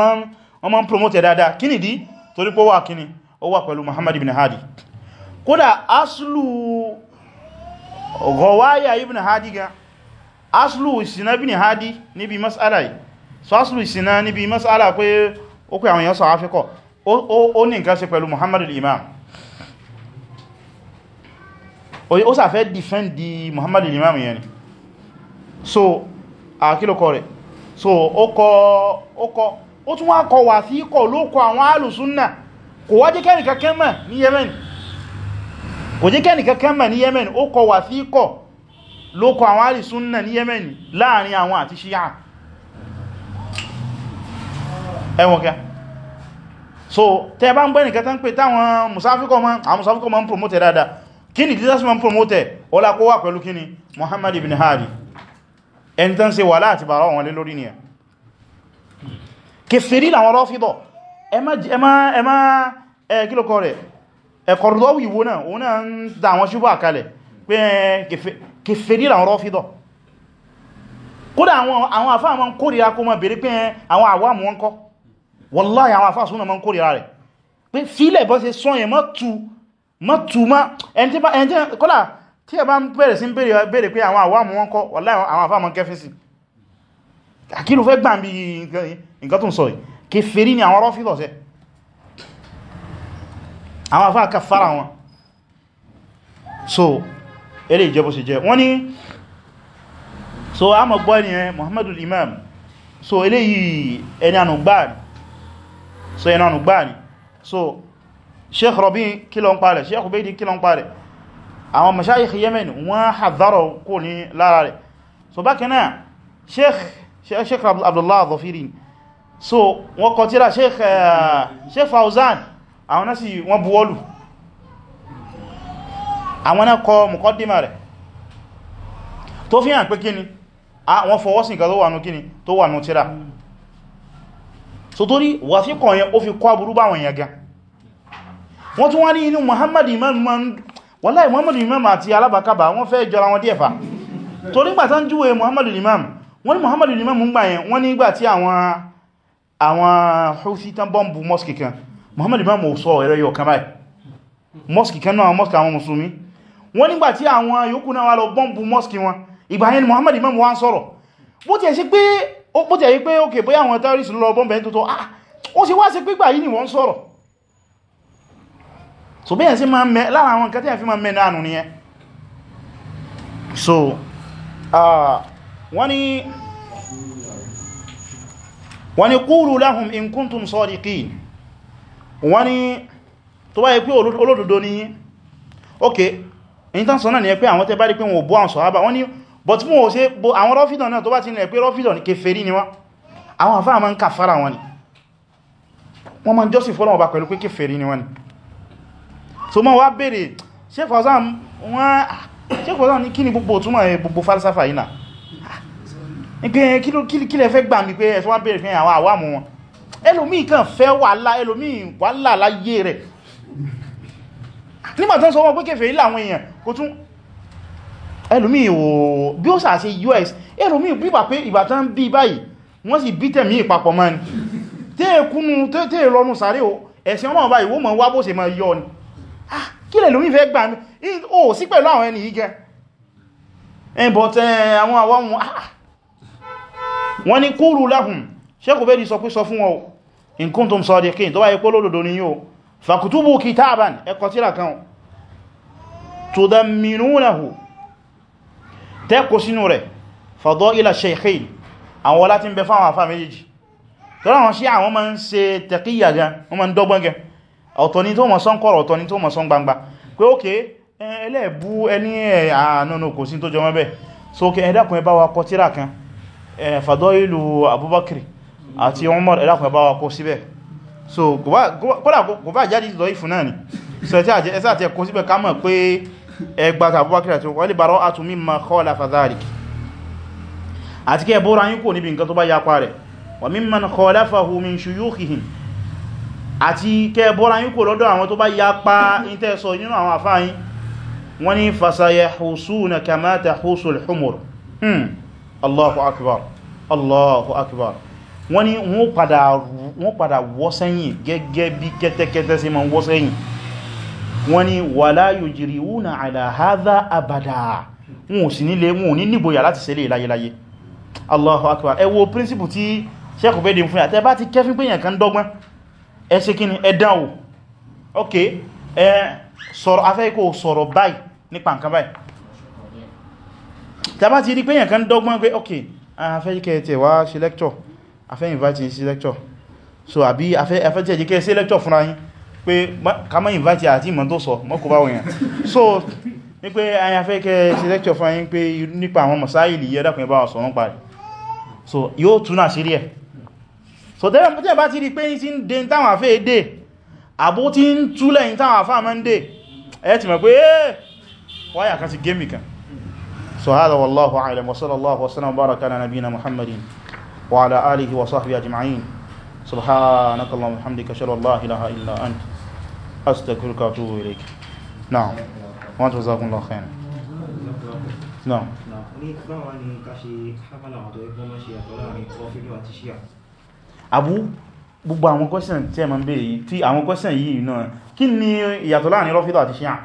Speaker 1: wọ́n ma ń promoter dáadáa kí nìdí torí pé ó wà kíni ó wà pẹ̀lú muhammad ibn hadi kódà aslu gọwáyà ibn hadi ga aslu ìsìnà ibn hadi níbi mas'ala yìí so aslu ìsìnà níbi mas'ala pé ó pé àwọn èèyàn sọ áfíkọ̀ ó ní nǹkan ṣe pẹ̀lú muhammadu imam ó sàfẹ́ dìfẹ́ndì muhammadu imam yẹn ni so àkílòkọ rẹ̀ so ó kọ ó kọ ó tún wá kọ wà sí ikọ̀ ló kọ àwọn alùsúnnà kò wá jẹ́ kẹ́nìkan kẹ́mẹ̀ ní yemen kò jẹ́ kẹ́nìkan kẹ́mẹ̀ ní yemen ó kọ wà sí ikọ̀ ló kọ àwọn alùsúnnà ní yemen láàrin àwọn àti ṣíyà ẹwọ̀n kẹ́ so tẹ bá ń gbẹ́ nìkan tán pé táwọn musafikọ́ ma àwọn musafikọ́ ma ń promote dáadáa kí ni jesus ma ń promote ọlá kó wà pẹ̀lú kí ni muhammad ibn hadi ẹni tán ṣe wà láti bàrá wọn lé lórí ni ẹ kèfèrí làwọn rọ́fídọ̀ ẹmá kílòkọ rẹ̀ ẹ̀kọ̀rọ̀dọ́ ìwò náà òun náà ń da àwọn ṣubú àkalẹ̀ pé kèfèrí làwọn rọ́fídọ̀ kódà àwọn àfáà ma ń kórìíra kó ma bèèrè pé àwọn àwọ́ àmú wọn kọ́ wallahi àwọn afá súnà ma ń kórìíra rẹ̀ pé fílẹ̀ bọ́ ṣe sọ yẹn mọ́tù má ẹnjẹ́ kọ́lá tí ẹ bá ń bẹ̀rẹ̀ sí bèèrè pé àwọn àwọ́ àmọ́ wọn kọ́ wallahi àwọn afá mọ́ kẹfí sí àkílù fẹ́ gbàm bí nǹkan tó ń sọ yìí kèfèrí ni àwọn rọ́fílọ̀ sẹ́ àwọn afá ká so eré ìjẹ́bó sì jẹ́ ni Muhammadul Imam so eléyìí ẹni ànùgbáàrì so iná nù gbáà ni so sheikh Rabi kí ló ń parẹ̀ sheikh Ubaydi kí ló ń parẹ̀ àwọn mashayikh Yemen wọ́n hadharo kò ní lára rẹ̀ so bákan náà sheikh Abdullah Dhafiri so wọ́n kọ tírà sheikh eh, sheikh Fawzan àwọn náà sì wọ́n buwọ́lù àwọn náà kọ muqaddima rẹ̀ tó fi hàn pé kíni àwọn ah, fọwọ́sìn kan nù kíni tó wà nù tírà so torí wàfíkọ̀ yẹn ó fi kọ́ aburú báwọn èèyàn gan wọ́n tún wá ní inú Muhammad Imam wọ́láì Muhammad Imam àti alábàkábà wọ́n fẹ́ jọra wọn díẹ̀fà torí gbà tán júwe Muhammad Imam wọ́n ní Muhammad Imam ń gbà yẹn wọ́n ní gbà tí àwọn àwọn Houthi tán bọ́m̀bù mosque kan Muhammad Imam ò sọ ẹ̀rẹ́ yọ kan báyìí mosque kan náà mosque àwọn mùsùlùmí wọ́n nígbà tí àwọn yòókù náà Imam wá ń sọ̀rọ̀ ó pọ́ yí pé ókè bóyá àwọn terrorist lọ bọ́m̀bẹ̀ tó tó ah ó sì wá sí pípà yìí ni wọ́n sọ̀rọ̀ so bẹ́yẹn sí máa mẹ́ lára àwọn nǹkan fi máa mẹ́ náà nù so ah, wọ́n ni wọ́n ni qulu lahum in kuntum sadiqin wọ́n ni tó wáyé pé olódodo ní ókè èyí tán sọ náà ni ẹ pé àwọn tẹ́ bá rí pé wọn bú àwọn sọ̀hábà wọ́n ni but mo ṣe àwọn rọ́fídàn náà tó bá ti nílẹ̀ pé rọ́fídàn kèfèrí ni wọ́n àwọn àfáà ma ń kàfàrà wọn ni wọ́n ma ń jọ́sìn fọ́lọ́wọ́ bá pẹ̀lú pé kèfèrí ni wọ́n ni so mọ́ wá bèèrè Sheikh Fawzan ní kí ni gbogbo túnmọ̀ gbogbo falsafa yìí náà pé kí lẹ fẹ́ gbà mí pé ẹ̀sùn wá bèèrè fi àwọn àwàmù wọn ẹlòmíì kan fẹ́ wàhálà ẹlòmíì wàhálà láyé rẹ̀ nígbàtán sọ wọn pé kèfèrí láwọn èèyàn kò tún ẹlùmí ìwò bí ó sàá sí us ẹlùmí ìgbà pé ìbàtán bí báyìí wọ́n sì bí tẹ̀mí ìpapọ̀ mọ́ ni tẹ́ẹ̀kúnú tẹ́ẹ̀lọ́nù sáré o ẹ̀sìn ọmọ ọba ìwó mọ̀ wá bó ṣe mọ̀ yọ ni ah, kí lẹ̀ lómi fẹ́ gbà mí o sí pẹ̀lú àwọn ẹni yìí gẹ ẹ̀bọ̀tẹ̀ àwọn àwọn wọn ni qulu lahum ṣẹ́kù bẹ́ẹ̀ ni sọ pé sọ fún wọn in kuntum sadiqin tó bá yẹ pé lódòdó ni yóò fakutubu kitaban ẹkọ̀ tíra kan tudamminunahu tẹ́kù sínú rẹ̀ fadaila shaykhayn àwọn ọlá tí ń bẹ fáwọn àfáà méjèèjì tọ́rọ àwọn sí àwọn ma ń ṣe taqiyya gan wọ́n ma ń dọ́gbọ́n gan ọ̀tọ̀ ni tó mọ̀ sán kọ̀rọ̀ ọ̀tọ̀ tó mọ̀ sán gbangba pé ókè ẹlẹ́ẹ̀bú ẹni àánú ẹgbàtà abúbákìrì àti wọ́n ní bara'atu mimma khalafa dhalik àti kẹ́ bóra yín kò níbi nǹkan tó bá yapa rẹ̀ wa mimman khalafahu min shuyukhihim àti kẹ́ bóra yín kò lọ́dọ̀ àwọn tó bá yapa intẹ́sọ nínú àwọn àfáyín wọ́n ní fasayahusuna kama tahusu al-humur hmm allahu akbar allahu akbar wọ́n ní wọ́n padà wọ́ sẹ́yìn gẹ́gẹ́ bí kẹ́tẹ́kẹ́tẹ́ sí ma wọ́ wọ́n ni wala yujriuna ala hadha abada wọn ò sì nílé wọn ò ní nígboyà láti ṣẹlẹ̀ láyéláyé Allahu akbar ẹ wo príncipù tí sẹ́kù bẹ́ dín fún yà tẹ́ bá ti kẹfín pé yàn kan dọ́gbọ́n ẹ kí ni ẹ ok ẹ sọ̀rọ̀ afẹ́ kò sọ̀rọ̀ báyìí nípa pé kama invite àti ìmọ̀ tó sọ mọ́kù bá wọ̀nyàn so ní pé àyà fẹ́ kẹ́ ṣe lecture fún yín pé nípa àwọn masáìlì yẹ́ dákùnrin bá wà sọ wọ́n parí so yóò tún náà rí ẹ̀ eh, so hada wallahu a'lam wa sallallahu wa sallam baraka ala nabiyina muhammadin wa ala أستغفرك وأتوب إليك نعم وأنتم جزاكم الله خيرا نعم abu gbogbo àwọn question tí ẹ ma ń bèèrè yìí tí àwọn question yìí náà kí ni ìyàtọ̀ láàrin rọ́fídà àti ṣíyàn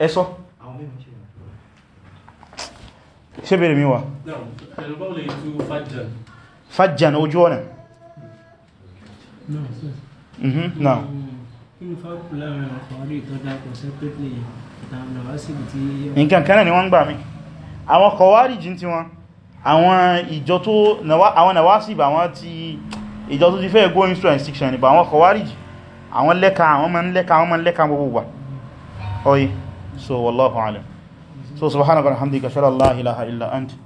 Speaker 1: ẹ sọ ṣe bèèrè mi wà fàjàn ojú ọ̀nà náà nǹkan kan náà ni wọ́n ń gbà mí àwọn kọwàríjì tí wọ́n àwọn ìjọ tó àwọn nàwásìbà àwọn ti ìjọ tó ti fẹ́ go instru instruction nípa àwọn kọwàríjì àwọn lẹ́ka àwọn ma ń lẹ́ka àwọn ma ń lẹ́ka gbogbo wà oye so wallahu alam so subhanaka alhamdulillah shara allah ilaha illa ant